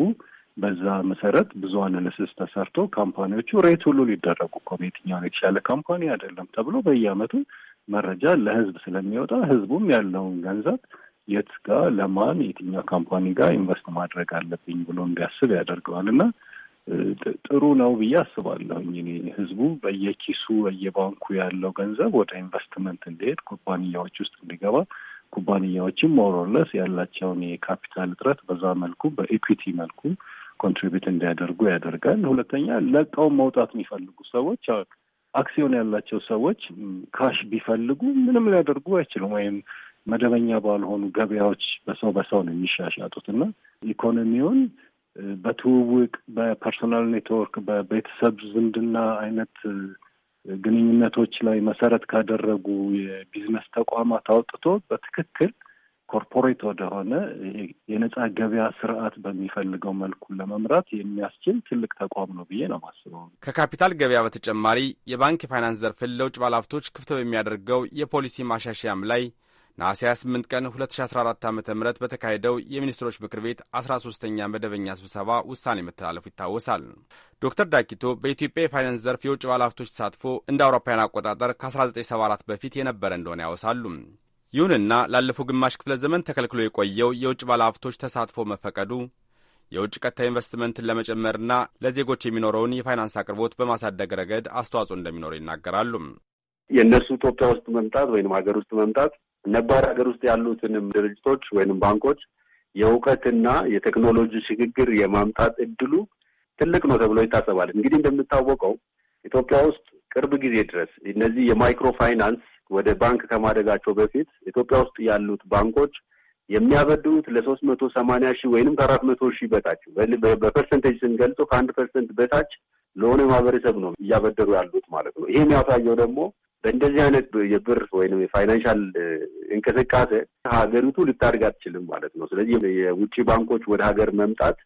Speaker 17: በዛ መሰረት ብዙ አናልስስ ተሰርቶ ካምፓኒዎቹ ሬት ሁሉ ሊደረጉ እኮ በየትኛው የተሻለ ካምፓኒ አይደለም ተብሎ በየአመቱ መረጃ ለህዝብ ስለሚወጣ ህዝቡም ያለውን ገንዘብ የት ጋር ለማን የትኛው ካምፓኒ ጋር ኢንቨስት ማድረግ አለብኝ ብሎ እንዲያስብ ያደርገዋል እና ጥሩ ነው ብዬ አስባለሁኝ። ህዝቡ በየኪሱ በየባንኩ ያለው ገንዘብ ወደ ኢንቨስትመንት እንዲሄድ፣ ኩባንያዎች ውስጥ እንዲገባ ኩባንያዎችም ሞሮለስ ያላቸውን የካፒታል እጥረት በዛ መልኩ በኢኩዊቲ መልኩ ኮንትሪቢዩት እንዲያደርጉ ያደርጋል። ሁለተኛ ለቀው መውጣት የሚፈልጉ ሰዎች አክሲዮን ያላቸው ሰዎች ካሽ ቢፈልጉ ምንም ሊያደርጉ አይችሉም። ወይም መደበኛ ባልሆኑ ገበያዎች በሰው በሰው ነው የሚሻሻጡት እና ኢኮኖሚውን በትውውቅ በፐርሶናል ኔትወርክ በቤተሰብ ዝምድና አይነት ግንኙነቶች ላይ መሰረት ካደረጉ የቢዝነስ ተቋማት አውጥቶ በትክክል ኮርፖሬት ወደሆነ የነጻ ገበያ ስርዓት በሚፈልገው መልኩ ለመምራት የሚያስችል ትልቅ ተቋም ነው ብዬ ነው ማስበው።
Speaker 15: ከካፒታል ገበያ በተጨማሪ የባንክ የፋይናንስ ዘርፍን ለውጭ ባለሀብቶች ክፍት በሚያደርገው የፖሊሲ ማሻሻያም ላይ ነሐሴ 28 ቀን 2014 ዓ ም በተካሄደው የሚኒስትሮች ምክር ቤት 13ኛ መደበኛ ስብሰባ ውሳኔ መተላለፉ ይታወሳል። ዶክተር ዳኪቶ በኢትዮጵያ የፋይናንስ ዘርፍ የውጭ ባለሀብቶች ተሳትፎ እንደ አውሮፓውያን አቆጣጠር ከ1974 በፊት የነበረ እንደሆነ ያወሳሉ። ይሁንና ላለፈው ግማሽ ክፍለ ዘመን ተከልክሎ የቆየው የውጭ ባለሀብቶች ተሳትፎ መፈቀዱ የውጭ ቀጥታ ኢንቨስትመንትን ለመጨመርና ለዜጎች የሚኖረውን የፋይናንስ አቅርቦት በማሳደግ ረገድ አስተዋጽኦ እንደሚኖረው ይናገራሉ።
Speaker 16: የእነሱ ኢትዮጵያ ውስጥ መምጣት ወይም ሀገር ውስጥ መምጣት ነባር ሀገር ውስጥ ያሉትንም ድርጅቶች ወይንም ባንኮች የእውቀትና የቴክኖሎጂ ሽግግር የማምጣት እድሉ ትልቅ ነው ተብሎ ይታሰባል። እንግዲህ እንደሚታወቀው ኢትዮጵያ ውስጥ ቅርብ ጊዜ ድረስ እነዚህ የማይክሮ ፋይናንስ ወደ ባንክ ከማደጋቸው በፊት ኢትዮጵያ ውስጥ ያሉት ባንኮች የሚያበድሩት ለሶስት መቶ ሰማንያ ሺህ ወይንም ከአራት መቶ ሺህ በታች በፐርሰንቴጅ ስንገልጸው ከአንድ ፐርሰንት በታች ለሆነ ማህበረሰብ ነው እያበደሩ ያሉት ማለት ነው። ይህም ያሳየው ደግሞ በእንደዚህ አይነት የብር ወይም የፋይናንሻል እንቅስቃሴ ሀገሪቱ ልታድግ አትችልም ማለት ነው። ስለዚህ የውጭ ባንኮች ወደ ሀገር መምጣት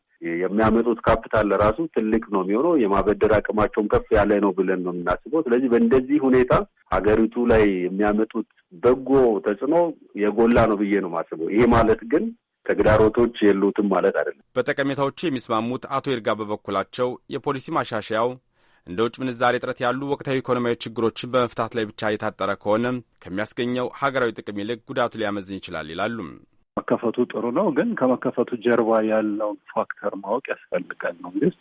Speaker 16: የሚያመጡት ካፒታል ለራሱ ትልቅ ነው የሚሆነው። የማበደር አቅማቸውም ከፍ ያለ ነው ብለን ነው የምናስበው። ስለዚህ በእንደዚህ ሁኔታ ሀገሪቱ ላይ የሚያመጡት በጎ ተጽዕኖ የጎላ ነው ብዬ ነው የማስበው። ይሄ ማለት ግን ተግዳሮቶች የሉትም ማለት አይደለም።
Speaker 15: በጠቀሜታዎቹ የሚስማሙት አቶ ይርጋ በበኩላቸው የፖሊሲ ማሻሻያው እንደ ውጭ ምንዛሬ እጥረት ያሉ ወቅታዊ ኢኮኖሚያዊ ችግሮችን በመፍታት ላይ ብቻ የታጠረ ከሆነ ከሚያስገኘው ሀገራዊ ጥቅም ይልቅ ጉዳቱ ሊያመዝን ይችላል ይላሉ።
Speaker 17: መከፈቱ ጥሩ ነው፣ ግን ከመከፈቱ ጀርባ ያለውን ፋክተር ማወቅ ያስፈልጋል። መንግስት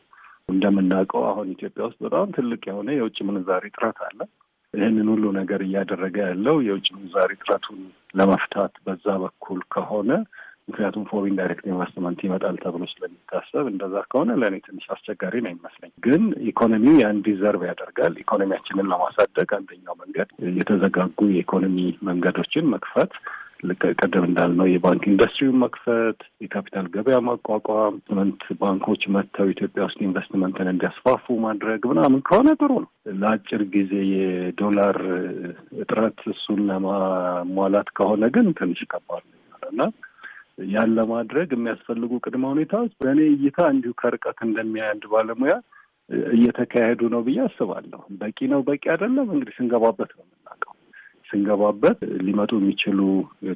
Speaker 17: እንደምናውቀው አሁን ኢትዮጵያ ውስጥ በጣም ትልቅ የሆነ የውጭ ምንዛሬ ጥረት አለ። ይህንን ሁሉ ነገር እያደረገ ያለው የውጭ ምንዛሬ ጥረቱን ለመፍታት በዛ በኩል ከሆነ ምክንያቱም ፎሪን ዳይሬክት ኢንቨስትመንት ይመጣል ተብሎ ስለሚታሰብ እንደዛ ከሆነ ለእኔ ትንሽ አስቸጋሪ ነው ይመስለኝ። ግን ኢኮኖሚ ያን ዲዘርቭ ያደርጋል። ኢኮኖሚያችንን ለማሳደግ አንደኛው መንገድ የተዘጋጉ የኢኮኖሚ መንገዶችን መክፈት ቅድም እንዳልነው የባንክ ኢንዱስትሪውን መክፈት፣ የካፒታል ገበያ ማቋቋም፣ ኢንቨስትመንት ባንኮች መጥተው ኢትዮጵያ ውስጥ ኢንቨስትመንትን እንዲያስፋፉ ማድረግ ምናምን ከሆነ ጥሩ ነው። ለአጭር ጊዜ የዶላር እጥረት እሱን ለማሟላት ከሆነ ግን ትንሽ ከባድ ነው እና ያን ለማድረግ የሚያስፈልጉ ቅድመ ሁኔታዎች በእኔ እይታ እንዲሁ ከርቀት እንደሚያንድ ባለሙያ እየተካሄዱ ነው ብዬ አስባለሁ። በቂ ነው በቂ አይደለም እንግዲህ ስንገባበት ነው የምናውቀው። ስንገባበት ሊመጡ የሚችሉ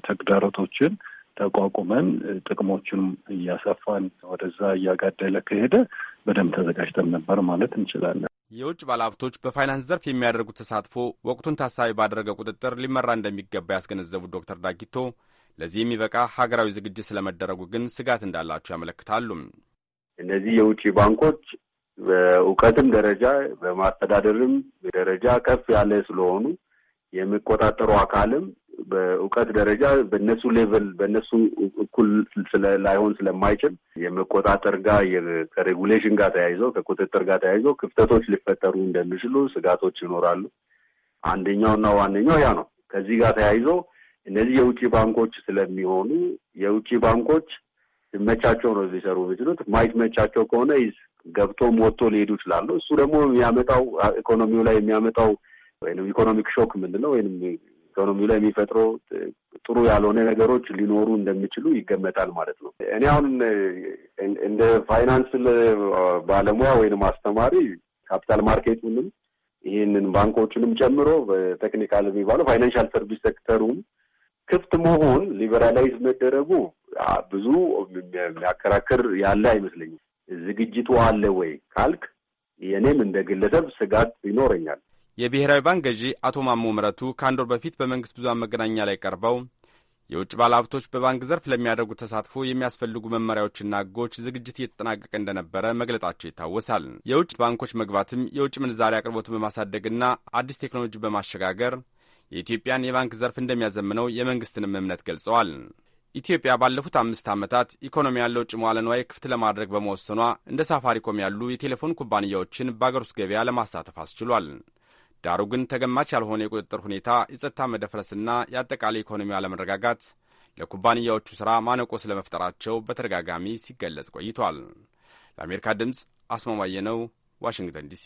Speaker 17: ተግዳሮቶችን ተቋቁመን ጥቅሞችን እያሰፋን ወደዛ እያጋደለ ከሄደ በደንብ ተዘጋጅተን ነበር ማለት እንችላለን።
Speaker 15: የውጭ ባለሀብቶች በፋይናንስ ዘርፍ የሚያደርጉት ተሳትፎ ወቅቱን ታሳቢ ባደረገ ቁጥጥር ሊመራ እንደሚገባ ያስገነዘቡት ዶክተር ዳጊቶ ለዚህ የሚበቃ ሀገራዊ ዝግጅት ስለመደረጉ ግን ስጋት እንዳላቸው ያመለክታሉ። እነዚህ
Speaker 16: የውጭ ባንኮች በእውቀትም ደረጃ በማስተዳደርም ደረጃ ከፍ ያለ ስለሆኑ የሚቆጣጠሩ አካልም በእውቀት ደረጃ በእነሱ ሌቨል በእነሱ እኩል ላይሆን ስለማይችል የመቆጣጠር ጋር ከሬጉሌሽን ጋር ተያይዞ ከቁጥጥር ጋር ተያይዞ ክፍተቶች ሊፈጠሩ እንደሚችሉ ስጋቶች ይኖራሉ። አንደኛውና ዋነኛው ያ ነው። ከዚህ ጋር ተያይዞ እነዚህ የውጭ ባንኮች ስለሚሆኑ የውጭ ባንኮች ሲመቻቸው ነው ሊሰሩ የሚችሉት። ማይመቻቸው ከሆነ ገብቶም ወጥቶ ሊሄዱ ይችላሉ። እሱ ደግሞ የሚያመጣው ኢኮኖሚው ላይ የሚያመጣው ወይም ኢኮኖሚክ ሾክ ምንድነው ወይም ኢኮኖሚው ላይ የሚፈጥረው ጥሩ ያልሆነ ነገሮች ሊኖሩ እንደሚችሉ ይገመታል ማለት ነው። እኔ አሁን እንደ ፋይናንስ ባለሙያ ወይንም አስተማሪ ካፒታል ማርኬቱንም ይህንን ባንኮቹንም ጨምሮ በቴክኒካል የሚባለው ፋይናንሻል ሰርቪስ ሴክተሩም ክፍት መሆን ሊበራላይዝ መደረጉ ብዙ የሚያከራክር ያለ አይመስለኝም። ዝግጅቱ አለ ወይ ካልክ የእኔም እንደ ግለሰብ ስጋት ይኖረኛል።
Speaker 15: የብሔራዊ ባንክ ገዢ አቶ ማሞ ምረቱ ከአንድ ወር በፊት በመንግስት ብዙኃን መገናኛ ላይ ቀርበው የውጭ ባለሀብቶች በባንክ ዘርፍ ለሚያደርጉት ተሳትፎ የሚያስፈልጉ መመሪያዎችና ሕጎች ዝግጅት እየተጠናቀቀ እንደነበረ መግለጣቸው ይታወሳል። የውጭ ባንኮች መግባትም የውጭ ምንዛሪ አቅርቦትን በማሳደግና አዲስ ቴክኖሎጂ በማሸጋገር የኢትዮጵያን የባንክ ዘርፍ እንደሚያዘምነው የመንግስትንም እምነት ገልጸዋል። ኢትዮጵያ ባለፉት አምስት ዓመታት ኢኮኖሚ ያለው ውጭ መዋለ ንዋይ ክፍት ለማድረግ በመወሰኗ እንደ ሳፋሪኮም ያሉ የቴሌፎን ኩባንያዎችን በአገር ውስጥ ገበያ ለማሳተፍ አስችሏል። ዳሩ ግን ተገማች ያልሆነ የቁጥጥር ሁኔታ፣ የጸጥታ መደፍረስና የአጠቃላይ ኢኮኖሚ አለመረጋጋት ለኩባንያዎቹ ሥራ ማነቆ ስለመፍጠራቸው በተደጋጋሚ ሲገለጽ ቆይቷል። ለአሜሪካ ድምፅ አስማማየ ነው፣ ዋሽንግተን ዲሲ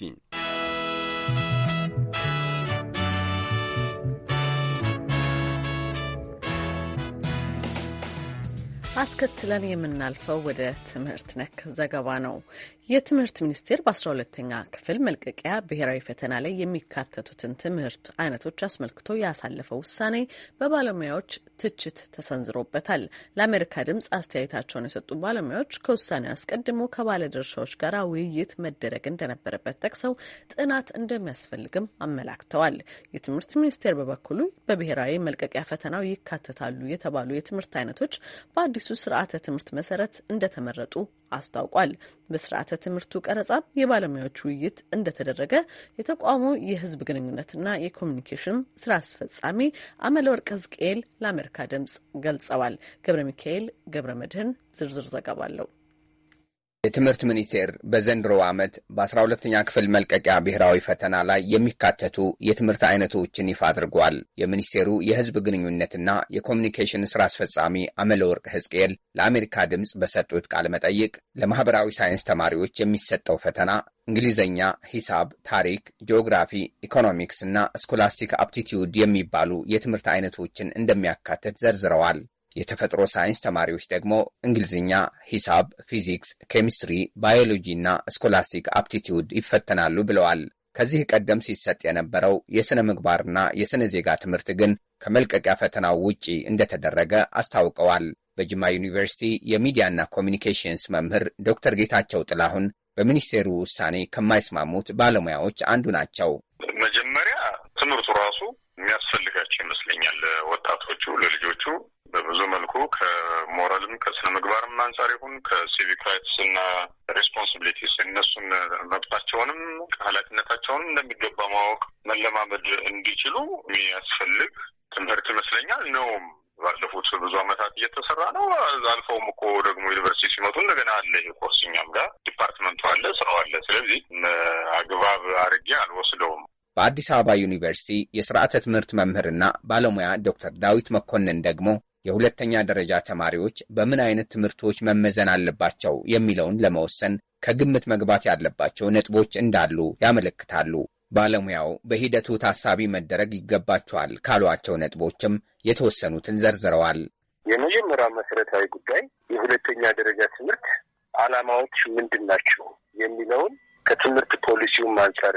Speaker 1: አስከትለን የምናልፈው ወደ ትምህርት ነክ ዘገባ ነው። የትምህርት ሚኒስቴር በ12ተኛ ክፍል መልቀቂያ ብሔራዊ ፈተና ላይ የሚካተቱትን ትምህርት አይነቶች አስመልክቶ ያሳለፈው ውሳኔ በባለሙያዎች ትችት ተሰንዝሮበታል። ለአሜሪካ ድምፅ አስተያየታቸውን የሰጡ ባለሙያዎች ከውሳኔው አስቀድሞ ከባለድርሻዎች ጋር ውይይት መደረግ እንደነበረበት ጠቅሰው ጥናት እንደሚያስፈልግም አመላክተዋል። የትምህርት ሚኒስቴር በበኩሉ በብሔራዊ መልቀቂያ ፈተናው ይካተታሉ የተባሉ የትምህርት አይነቶች በአዲሱ ስርዓተ ትምህርት መሰረት እንደተመረጡ አስታውቋል። በስርዓተ ትምህርቱ ቀረጻም የባለሙያዎች ውይይት እንደተደረገ የተቋሙ የህዝብ ግንኙነትና የኮሚኒኬሽን ስራ አስፈጻሚ አመለወርቅ ህዝቅኤል ለአሜሪካ ድምጽ ገልጸዋል። ገብረ ሚካኤል ገብረ መድህን ዝርዝር ዘገባ አለው።
Speaker 6: የትምህርት ሚኒስቴር በዘንድሮ ዓመት በ 12 ተኛ ክፍል መልቀቂያ ብሔራዊ ፈተና ላይ የሚካተቱ የትምህርት አይነቶችን ይፋ አድርጓል። የሚኒስቴሩ የሕዝብ ግንኙነትና የኮሚኒኬሽን ስራ አስፈጻሚ አመለወርቅ ሕዝቅኤል ለአሜሪካ ድምፅ በሰጡት ቃለ መጠይቅ ለማህበራዊ ሳይንስ ተማሪዎች የሚሰጠው ፈተና እንግሊዝኛ፣ ሂሳብ፣ ታሪክ፣ ጂኦግራፊ፣ ኢኮኖሚክስ እና ስኮላስቲክ አፕቲቲዩድ የሚባሉ የትምህርት አይነቶችን እንደሚያካትት ዘርዝረዋል። የተፈጥሮ ሳይንስ ተማሪዎች ደግሞ እንግሊዝኛ፣ ሂሳብ፣ ፊዚክስ፣ ኬሚስትሪ፣ ባዮሎጂ እና ስኮላስቲክ አፕቲቲዩድ ይፈተናሉ ብለዋል። ከዚህ ቀደም ሲሰጥ የነበረው የሥነ ምግባርና የሥነ ዜጋ ትምህርት ግን ከመልቀቂያ ፈተናው ውጪ እንደተደረገ አስታውቀዋል። በጅማ ዩኒቨርሲቲ የሚዲያና ኮሚኒኬሽንስ መምህር ዶክተር ጌታቸው ጥላሁን በሚኒስቴሩ ውሳኔ ከማይስማሙት ባለሙያዎች አንዱ ናቸው።
Speaker 18: መጀመሪያ ትምህርቱ ራሱ የሚያስፈልጋቸው ይመስለኛል። ለወጣቶቹ ለልጆቹ በብዙ መልኩ ከሞራልም ከስነ ምግባርም አንጻር ይሁን ከሲቪክ ራይትስ እና ሬስፖንሲቢሊቲስ እነሱን መብታቸውንም ኃላፊነታቸውንም እንደሚገባ ማወቅ መለማመድ እንዲችሉ የሚያስፈልግ ትምህርት ይመስለኛል ነውም። ባለፉት ብዙ ዓመታት እየተሰራ ነው። አልፈውም እኮ ደግሞ ዩኒቨርሲቲ ሲመጡ እንደገና አለ ይሄ ኮርስ እኛም ጋር
Speaker 6: ዲፓርትመንቱ አለ፣ ስራው አለ። ስለዚህ አግባብ አድርጌ አልወስደውም። በአዲስ አበባ ዩኒቨርሲቲ የስርዓተ ትምህርት መምህርና ባለሙያ ዶክተር ዳዊት መኮንን ደግሞ የሁለተኛ ደረጃ ተማሪዎች በምን አይነት ትምህርቶች መመዘን አለባቸው የሚለውን ለመወሰን ከግምት መግባት ያለባቸው ነጥቦች እንዳሉ ያመለክታሉ። ባለሙያው በሂደቱ ታሳቢ መደረግ ይገባቸዋል ካሏቸው ነጥቦችም የተወሰኑትን ዘርዝረዋል።
Speaker 3: የመጀመሪያው መሰረታዊ ጉዳይ የሁለተኛ ደረጃ ትምህርት ዓላማዎች ምንድን ናቸው የሚለውን ከትምህርት ፖሊሲውም አንጻር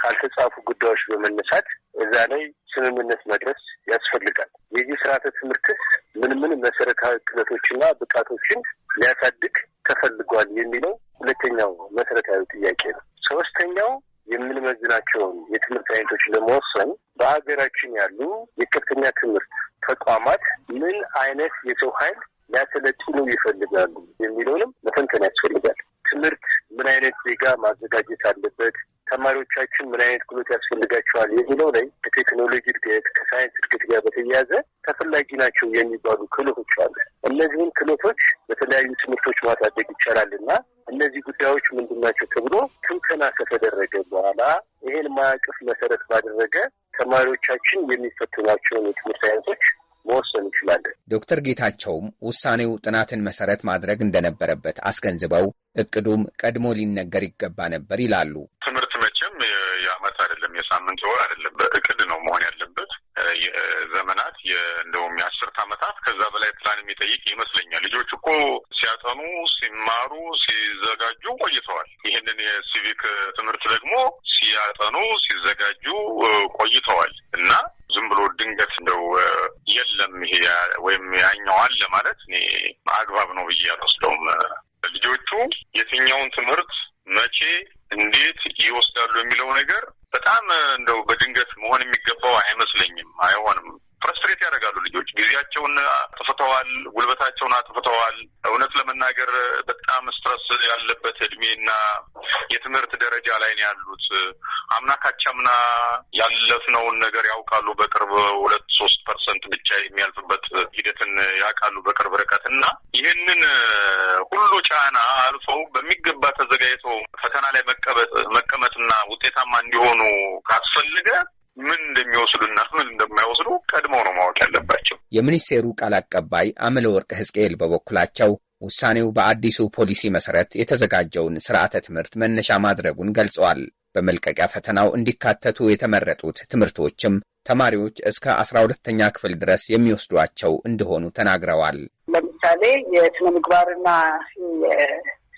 Speaker 3: ካልተጻፉ ጉዳዮች
Speaker 16: በመነሳት እዛ ላይ ስምምነት መድረስ ያስፈልጋል። የዚህ ስርዓተ ትምህርትስ ምን
Speaker 3: ምን መሰረታዊ ክለቶችና ብቃቶችን ሊያሳድግ ተፈልጓል የሚለው ሁለተኛው መሰረታዊ ጥያቄ ነው። ሶስተኛው የምንመዝናቸውን የትምህርት አይነቶች ለመወሰን በሀገራችን ያሉ የከፍተኛ ትምህርት ተቋማት ምን አይነት የሰው ኃይል ሊያሰለጥኑ ይፈልጋሉ የሚለውንም መተንተን ያስፈልጋል። ትምህርት ምን አይነት ዜጋ ማዘጋጀት አለበት? ተማሪዎቻችን ምን አይነት ክህሎት ያስፈልጋቸዋል የሚለው ላይ ከቴክኖሎጂ እድገት ከሳይንስ እድገት ጋር በተያያዘ ተፈላጊ ናቸው የሚባሉ ክህሎቶች አሉ። እነዚህን ክህሎቶች በተለያዩ ትምህርቶች ማሳደግ ይቻላል እና እነዚህ ጉዳዮች ምንድን ናቸው ተብሎ ትንተና ከተደረገ በኋላ ይሄን ማዕቀፍ መሰረት ባደረገ ተማሪዎቻችን የሚፈትኗቸውን የትምህርት አይነቶች መወሰን እንችላለን።
Speaker 6: ዶክተር ጌታቸውም ውሳኔው ጥናትን መሰረት ማድረግ እንደነበረበት አስገንዝበው እቅዱም ቀድሞ ሊነገር ይገባ ነበር ይላሉ። በሳምንት ወር አይደለም፣
Speaker 18: በእቅድ ነው መሆን ያለበት። የዘመናት እንደውም የአስርት ዓመታት ከዛ በላይ ፕላን የሚጠይቅ ይመስለኛል። ልጆች እኮ ሲያጠኑ፣ ሲማሩ፣ ሲዘጋጁ ቆይተዋል። ይህንን የሲቪክ ትምህርት ደግሞ ሲያጠኑ፣ ሲዘጋጁ ቆይተዋል እና ዝም ብሎ ድንገት እንደው የለም ይሄ ወይም ያኛው አለ ማለት እኔ አግባብ ነው ብዬ አልወስደውም። ልጆቹ የትኛውን ትምህርት መቼ እንዴት ይወስዳሉ የሚለው ነገር በጣም እንደው በድንገት መሆን የሚገባው አይመስለኝም። አይሆንም። ፍረስትሬት ያደርጋሉ ልጆች ጊዜያቸውን አጥፍተዋል፣ ጉልበታቸውን አጥፍተዋል። እውነት ለመናገር በጣም ስትረስ ያለበት እድሜና የትምህርት ደረጃ ላይ ነው ያሉት። አምና ካቻምና ያለፍነውን ነገር ያውቃሉ። በቅርብ ሁለት ሶስት ፐርሰንት ብቻ የሚያልፍበት ሂደትን ያውቃሉ በቅርብ ርቀት እና ይህንን ሁሉ ጫና አልፈው በሚገባ ለመቀመጥና ውጤታማ እንዲሆኑ ካስፈልገ ምን እንደሚወስዱና ምን እንደማይወስዱ ቀድመው ነው ማወቅ
Speaker 6: ያለባቸው። የሚኒስቴሩ ቃል አቀባይ አምለ ወርቅ ህዝቅኤል በበኩላቸው ውሳኔው በአዲሱ ፖሊሲ መሰረት የተዘጋጀውን ስርዓተ ትምህርት መነሻ ማድረጉን ገልጸዋል። በመልቀቂያ ፈተናው እንዲካተቱ የተመረጡት ትምህርቶችም ተማሪዎች እስከ አስራ ሁለተኛ ክፍል ድረስ የሚወስዷቸው እንደሆኑ ተናግረዋል።
Speaker 8: ለምሳሌ የስነ ምግባርና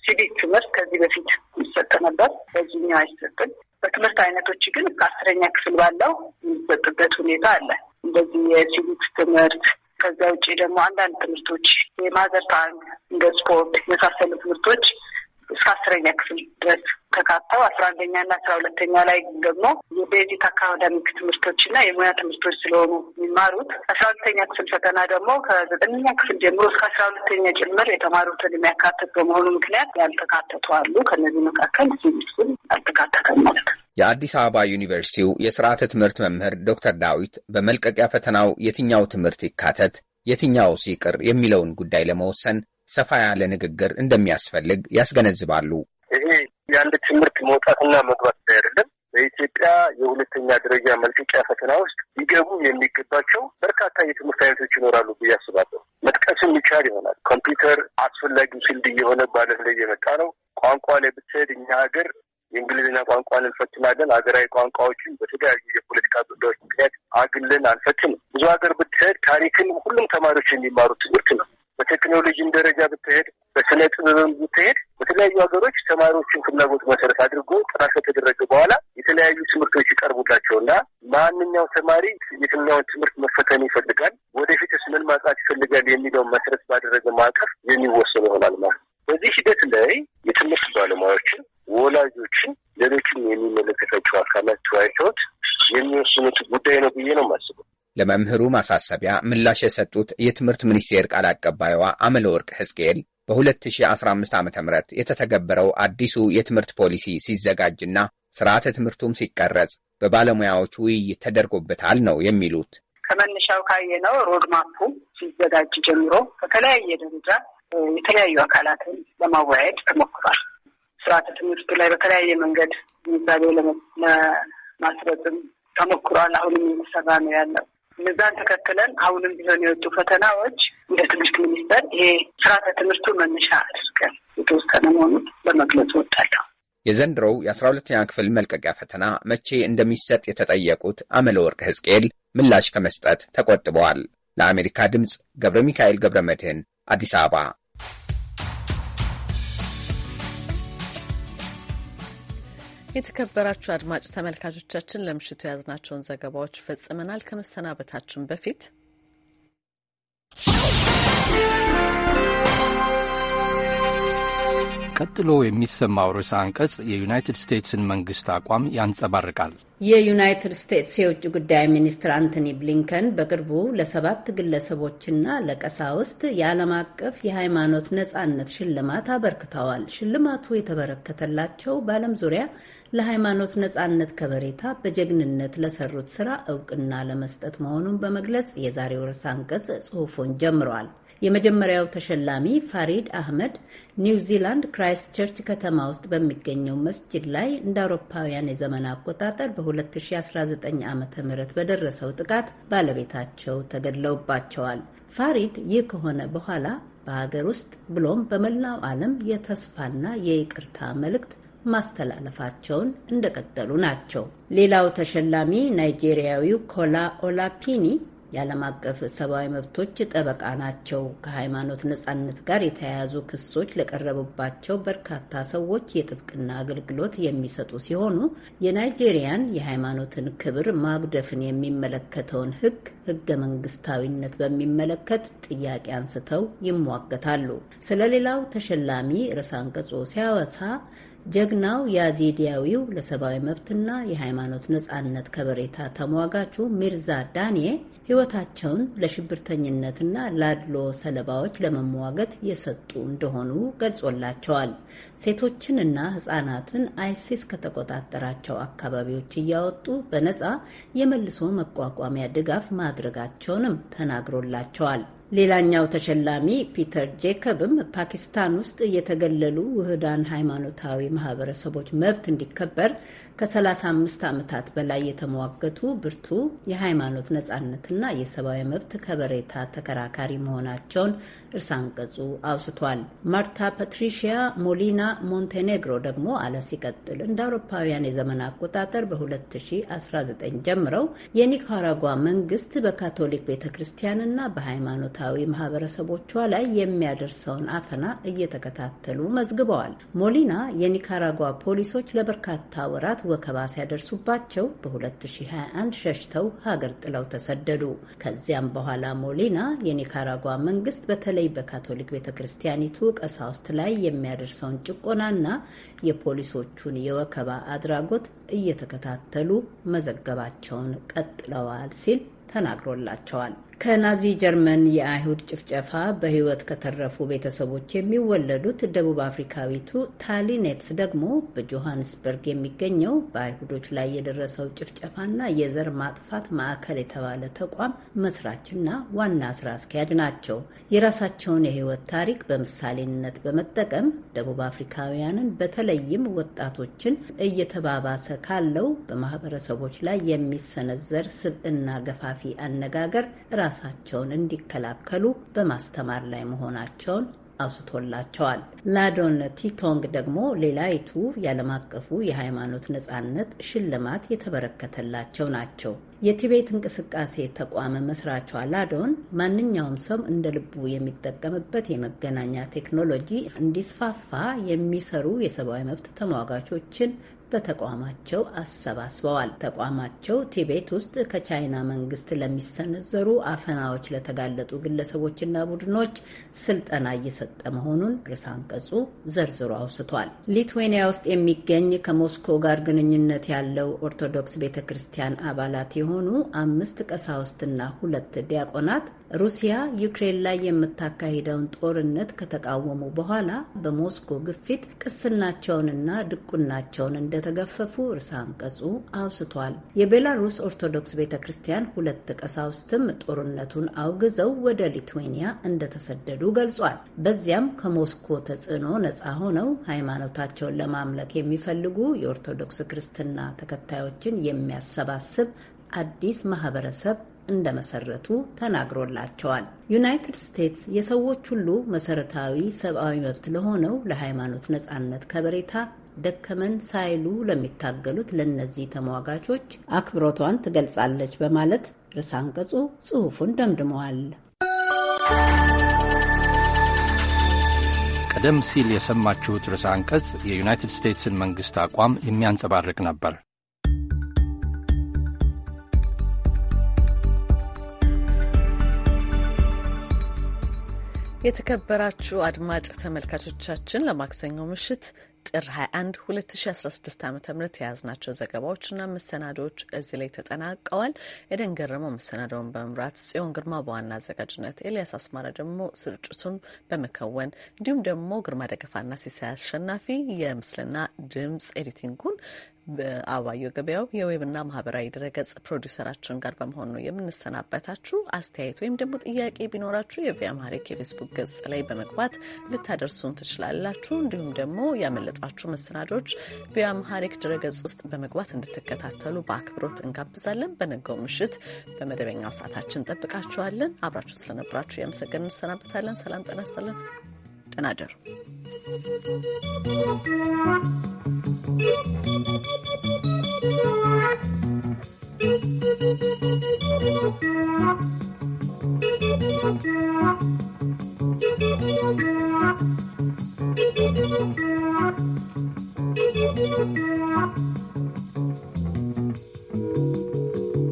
Speaker 8: ሲቪክ ትምህርት ከዚህ በፊት ይሰጥ ነበር፣ በዚህኛው አይሰጥም። በትምህርት አይነቶች ግን ከአስረኛ ክፍል ባለው የሚሰጥበት ሁኔታ አለ። እንደዚህ የሲቪክስ ትምህርት ከዛ ውጭ ደግሞ አንዳንድ ትምህርቶች የማዘር እንደ ስፖርት የመሳሰሉ ትምህርቶች እስከ አስረኛ ክፍል ድረስ ተካተው አስራ አንደኛ ና አስራ ሁለተኛ ላይ ደግሞ የቤዚክ አካዳሚክ ትምህርቶች ና የሙያ ትምህርቶች ስለሆኑ የሚማሩት አስራ ሁለተኛ ክፍል ፈተና ደግሞ ከዘጠነኛ ክፍል ጀምሮ እስከ አስራ ሁለተኛ ጭምር የተማሩትን የሚያካትት በመሆኑ ምክንያት ያልተካተቱ አሉ። ከእነዚህ መካከል ሲሚስን
Speaker 6: አልተካተተም ማለት ነው። የአዲስ አበባ ዩኒቨርሲቲው የስርዓተ ትምህርት መምህር ዶክተር ዳዊት በመልቀቂያ ፈተናው የትኛው ትምህርት ይካተት የትኛው ሲቅር የሚለውን ጉዳይ ለመወሰን ሰፋ ያለ ንግግር እንደሚያስፈልግ ያስገነዝባሉ።
Speaker 3: ይሄ የአንድ ትምህርት መውጣትና መግባት ላይ አይደለም። በኢትዮጵያ የሁለተኛ ደረጃ መልቀቂያ ፈተና ውስጥ ሊገቡ የሚገባቸው በርካታ የትምህርት አይነቶች ይኖራሉ ብዬ አስባለሁ። መጥቀስም ይቻል ይሆናል። ኮምፒውተር አስፈላጊው ስልድ እየሆነ በዓለም ላይ የመጣ ነው። ቋንቋ ላይ ብትሄድ እኛ ሀገር የእንግሊዝኛ ቋንቋን እንፈትናለን። ሀገራዊ ቋንቋዎችን በተለያዩ የፖለቲካ ጉዳዮች ምክንያት አግለን አንፈትንም። ብዙ ሀገር ብትሄድ ታሪክን ሁሉም ተማሪዎች የሚማሩት ትምህርት ነው። በቴክኖሎጂም ደረጃ ብትሄድ በስነ ጥበብም ብትሄድ በተለያዩ ሀገሮች ተማሪዎችን ፍላጎት መሰረት አድርጎ ጥናት ከተደረገ በኋላ የተለያዩ ትምህርቶች ይቀርቡላቸውና ማንኛው ተማሪ የትኛውን ትምህርት መፈተን ይፈልጋል፣ ወደፊትስ ምን ማጥናት ይፈልጋል የሚለውን መሰረት ባደረገ ማዕቀፍ የሚወሰኑ ይሆናል ማለት ነው። በዚህ ሂደት ላይ የትምህርት ባለሙያዎችን፣ ወላጆችን፣ ሌሎችም የሚመለከታቸው አካላት ተወያይተውት የሚወስኑት ጉዳይ ነው ብዬ ነው የማስበው።
Speaker 6: ለመምህሩ ማሳሰቢያ ምላሽ የሰጡት የትምህርት ሚኒስቴር ቃል አቀባይዋ አመለወርቅ ሕዝቅኤል በ2015 ዓ ም የተተገበረው አዲሱ የትምህርት ፖሊሲ ሲዘጋጅና ስርዓተ ትምህርቱም ሲቀረጽ በባለሙያዎች ውይይት ተደርጎበታል ነው የሚሉት።
Speaker 8: ከመነሻው ካየነው ሮድማፑ ሲዘጋጅ ጀምሮ በተለያየ ደረጃ የተለያዩ አካላትን ለማወያየድ ተሞክሯል። ስርዓተ ትምህርቱ ላይ በተለያየ መንገድ ግንዛቤ ለማስረጽም ተሞክሯል። አሁንም እየተሰራ ነው ያለው። እነዛን ተከትለን አሁንም ቢሆን የወጡ ፈተናዎች እንደ ትምህርት ሚኒስቴር ይሄ ስርዓተ ትምህርቱ መነሻ አድርገን የተወሰነ መሆኑን ለመግለጽ ወጣለሁ።
Speaker 6: የዘንድሮው የአስራ ሁለተኛ ክፍል መልቀቂያ ፈተና መቼ እንደሚሰጥ የተጠየቁት አመለ ወርቅ ህዝቅኤል ምላሽ ከመስጠት ተቆጥበዋል። ለአሜሪካ ድምፅ ገብረ ሚካኤል ገብረ መድህን አዲስ አበባ
Speaker 1: የተከበራችሁ አድማጭ ተመልካቾቻችን ለምሽቱ የያዝናቸውን ዘገባዎች ፈጽመናል። ከመሰናበታችን በፊት
Speaker 6: ቀጥሎ የሚሰማው
Speaker 12: ርዕሰ አንቀጽ የዩናይትድ ስቴትስን መንግስት አቋም ያንጸባርቃል።
Speaker 14: የዩናይትድ ስቴትስ የውጭ ጉዳይ ሚኒስትር አንቶኒ ብሊንከን በቅርቡ ለሰባት ግለሰቦችና ለቀሳውስት የዓለም አቀፍ የሃይማኖት ነጻነት ሽልማት አበርክተዋል። ሽልማቱ የተበረከተላቸው በዓለም ዙሪያ ለሃይማኖት ነጻነት ከበሬታ በጀግንነት ለሰሩት ስራ እውቅና ለመስጠት መሆኑን በመግለጽ የዛሬው ርዕሰ አንቀጽ ጽሑፉን ጀምሯል። የመጀመሪያው ተሸላሚ ፋሪድ አህመድ ኒውዚላንድ ክራይስት ቸርች ከተማ ውስጥ በሚገኘው መስጂድ ላይ እንደ አውሮፓውያን የዘመን አቆጣጠር በ2019 ዓ ም በደረሰው ጥቃት ባለቤታቸው ተገድለውባቸዋል። ፋሪድ ይህ ከሆነ በኋላ በሀገር ውስጥ ብሎም በመላው ዓለም የተስፋና የይቅርታ መልእክት ማስተላለፋቸውን እንደቀጠሉ ናቸው። ሌላው ተሸላሚ ናይጄሪያዊው ኮላ ኦላፒኒ የዓለም አቀፍ ሰብአዊ መብቶች ጠበቃ ናቸው። ከሃይማኖት ነጻነት ጋር የተያያዙ ክሶች ለቀረቡባቸው በርካታ ሰዎች የጥብቅና አገልግሎት የሚሰጡ ሲሆኑ የናይጄሪያን የሃይማኖትን ክብር ማጉደፍን የሚመለከተውን ሕግ ሕገ መንግስታዊነት በሚመለከት ጥያቄ አንስተው ይሟገታሉ። ስለሌላው ተሸላሚ ርዕሰ አንቀጹ ሲያወሳ ጀግናው ያዜዲያዊው ለሰብአዊ መብትና የሃይማኖት ነጻነት ከበሬታ ተሟጋቹ ሚርዛ ዳንኤ ሕይወታቸውን ለሽብርተኝነትና ላድሎ ሰለባዎች ለመሟገት የሰጡ እንደሆኑ ገልጾላቸዋል። ሴቶችንና ሕጻናትን አይሲስ ከተቆጣጠራቸው አካባቢዎች እያወጡ በነጻ የመልሶ መቋቋሚያ ድጋፍ ማድረጋቸውንም ተናግሮላቸዋል። ሌላኛው ተሸላሚ ፒተር ጄከብም ፓኪስታን ውስጥ የተገለሉ ውህዳን ሃይማኖታዊ ማህበረሰቦች መብት እንዲከበር ከ35 ዓመታት በላይ የተሟገቱ ብርቱ የሃይማኖት ነጻነትና የሰብአዊ መብት ከበሬታ ተከራካሪ መሆናቸውን እርሳ አንቀጹ አውስቷል። ማርታ ፓትሪሺያ ሞሊና ሞንቴኔግሮ ደግሞ አለ ሲቀጥል እንደ አውሮፓውያን የዘመን አቆጣጠር በ2019 ጀምረው የኒካራጓ መንግስት በካቶሊክ ቤተ ክርስቲያንና በሃይማኖታዊ ማህበረሰቦቿ ላይ የሚያደርሰውን አፈና እየተከታተሉ መዝግበዋል። ሞሊና የኒካራጓ ፖሊሶች ለበርካታ ወራት ወከባ ሲያደርሱባቸው በ2021 ሸሽተው ሀገር ጥለው ተሰደዱ። ከዚያም በኋላ ሞሊና የኒካራጓ መንግስት በተለይ በካቶሊክ ቤተ ክርስቲያኒቱ ቀሳውስት ላይ የሚያደርሰውን ጭቆናና የፖሊሶቹን የወከባ አድራጎት እየተከታተሉ መዘገባቸውን ቀጥለዋል ሲል ተናግሮላቸዋል። ከናዚ ጀርመን የአይሁድ ጭፍጨፋ በሕይወት ከተረፉ ቤተሰቦች የሚወለዱት ደቡብ አፍሪካዊቱ ታሊኔትስ ደግሞ በጆሃንስበርግ የሚገኘው በአይሁዶች ላይ የደረሰው ጭፍጨፋና የዘር ማጥፋት ማዕከል የተባለ ተቋም መስራችና ዋና ስራ አስኪያጅ ናቸው። የራሳቸውን የሕይወት ታሪክ በምሳሌነት በመጠቀም ደቡብ አፍሪካውያንን በተለይም ወጣቶችን እየተባባሰ ካለው በማህበረሰቦች ላይ የሚሰነዘር ስብዕና ገፋፊ አነጋገር ራሳቸውን እንዲከላከሉ በማስተማር ላይ መሆናቸውን አውስቶላቸዋል። ላዶን ቲቶንግ ደግሞ ሌላይቱ የዓለም አቀፉ የሃይማኖት ነጻነት ሽልማት የተበረከተላቸው ናቸው። የቲቤት እንቅስቃሴ ተቋም መስራቿ ላዶን ማንኛውም ሰው እንደ ልቡ የሚጠቀምበት የመገናኛ ቴክኖሎጂ እንዲስፋፋ የሚሰሩ የሰብአዊ መብት ተሟጋቾችን በተቋማቸው አሰባስበዋል። ተቋማቸው ቲቤት ውስጥ ከቻይና መንግስት ለሚሰነዘሩ አፈናዎች ለተጋለጡ ግለሰቦችና ቡድኖች ስልጠና እየሰጠ መሆኑን ርዕሰ አንቀጹ ዘርዝሮ አውስቷል። ሊትዌኒያ ውስጥ የሚገኝ ከሞስኮ ጋር ግንኙነት ያለው ኦርቶዶክስ ቤተ ክርስቲያን አባላት የሆኑ አምስት ቀሳውስትና ሁለት ዲያቆናት ሩሲያ ዩክሬን ላይ የምታካሂደውን ጦርነት ከተቃወሙ በኋላ በሞስኮ ግፊት ቅስናቸውንና ድቁናቸውን እንደተገፈፉ ርዕሰ አንቀጹ አውስቷል። የቤላሩስ ኦርቶዶክስ ቤተ ክርስቲያን ሁለት ቀሳውስትም ጦርነቱን አውግዘው ወደ ሊትዌኒያ እንደተሰደዱ ገልጿል። በዚያም ከሞስኮ ተጽዕኖ ነፃ ሆነው ሃይማኖታቸውን ለማምለክ የሚፈልጉ የኦርቶዶክስ ክርስትና ተከታዮችን የሚያሰባስብ አዲስ ማህበረሰብ እንደመሰረቱ ተናግሮላቸዋል። ዩናይትድ ስቴትስ የሰዎች ሁሉ መሰረታዊ ሰብአዊ መብት ለሆነው ለሃይማኖት ነጻነት ከበሬታ ደከመን ሳይሉ ለሚታገሉት ለእነዚህ ተሟጋቾች አክብሮቷን ትገልጻለች በማለት ርዕሰ አንቀጹ ጽሑፉን ደምድመዋል።
Speaker 12: ቀደም ሲል የሰማችሁት ርዕሰ አንቀጽ የዩናይትድ ስቴትስን መንግሥት አቋም የሚያንጸባርቅ ነበር።
Speaker 1: የተከበራችሁ አድማጭ ተመልካቾቻችን ለማክሰኞ ምሽት ጥር 21 2016 ዓ ም የያዝናቸው ዘገባዎችና መሰናዶዎች እዚህ ላይ ተጠናቀዋል። ኤደን ገረመው መሰናዶውን በመምራት ጽዮን ግርማ በዋና አዘጋጅነት፣ ኤልያስ አስማራ ደግሞ ስርጭቱን በመከወን እንዲሁም ደግሞ ግርማ ደገፋና ሲሳይ አሸናፊ የምስልና ድምፅ ኤዲቲንጉን በአባዮ ገበያው የዌብና ማህበራዊ ድረገጽ ፕሮዲውሰራችን ጋር በመሆን ነው የምንሰናበታችሁ። አስተያየት ወይም ደግሞ ጥያቄ ቢኖራችሁ የቪኦኤ የፌስቡክ ገጽ ላይ በመግባት ልታደርሱን ትችላላችሁ። እንዲሁም ደግሞ ያመለጧችሁ መሰናዶች ቪያ አማርኛ ድረገጽ ውስጥ በመግባት እንድትከታተሉ በአክብሮት እንጋብዛለን። በነገው ምሽት በመደበኛው ሰዓታችን ጠብቃችኋለን። አብራችሁ ስለነበራችሁ ያመሰገን እንሰናበታለን። ሰላም ጤና ይስጥልን። ደህና እደሩ። Thank
Speaker 5: you.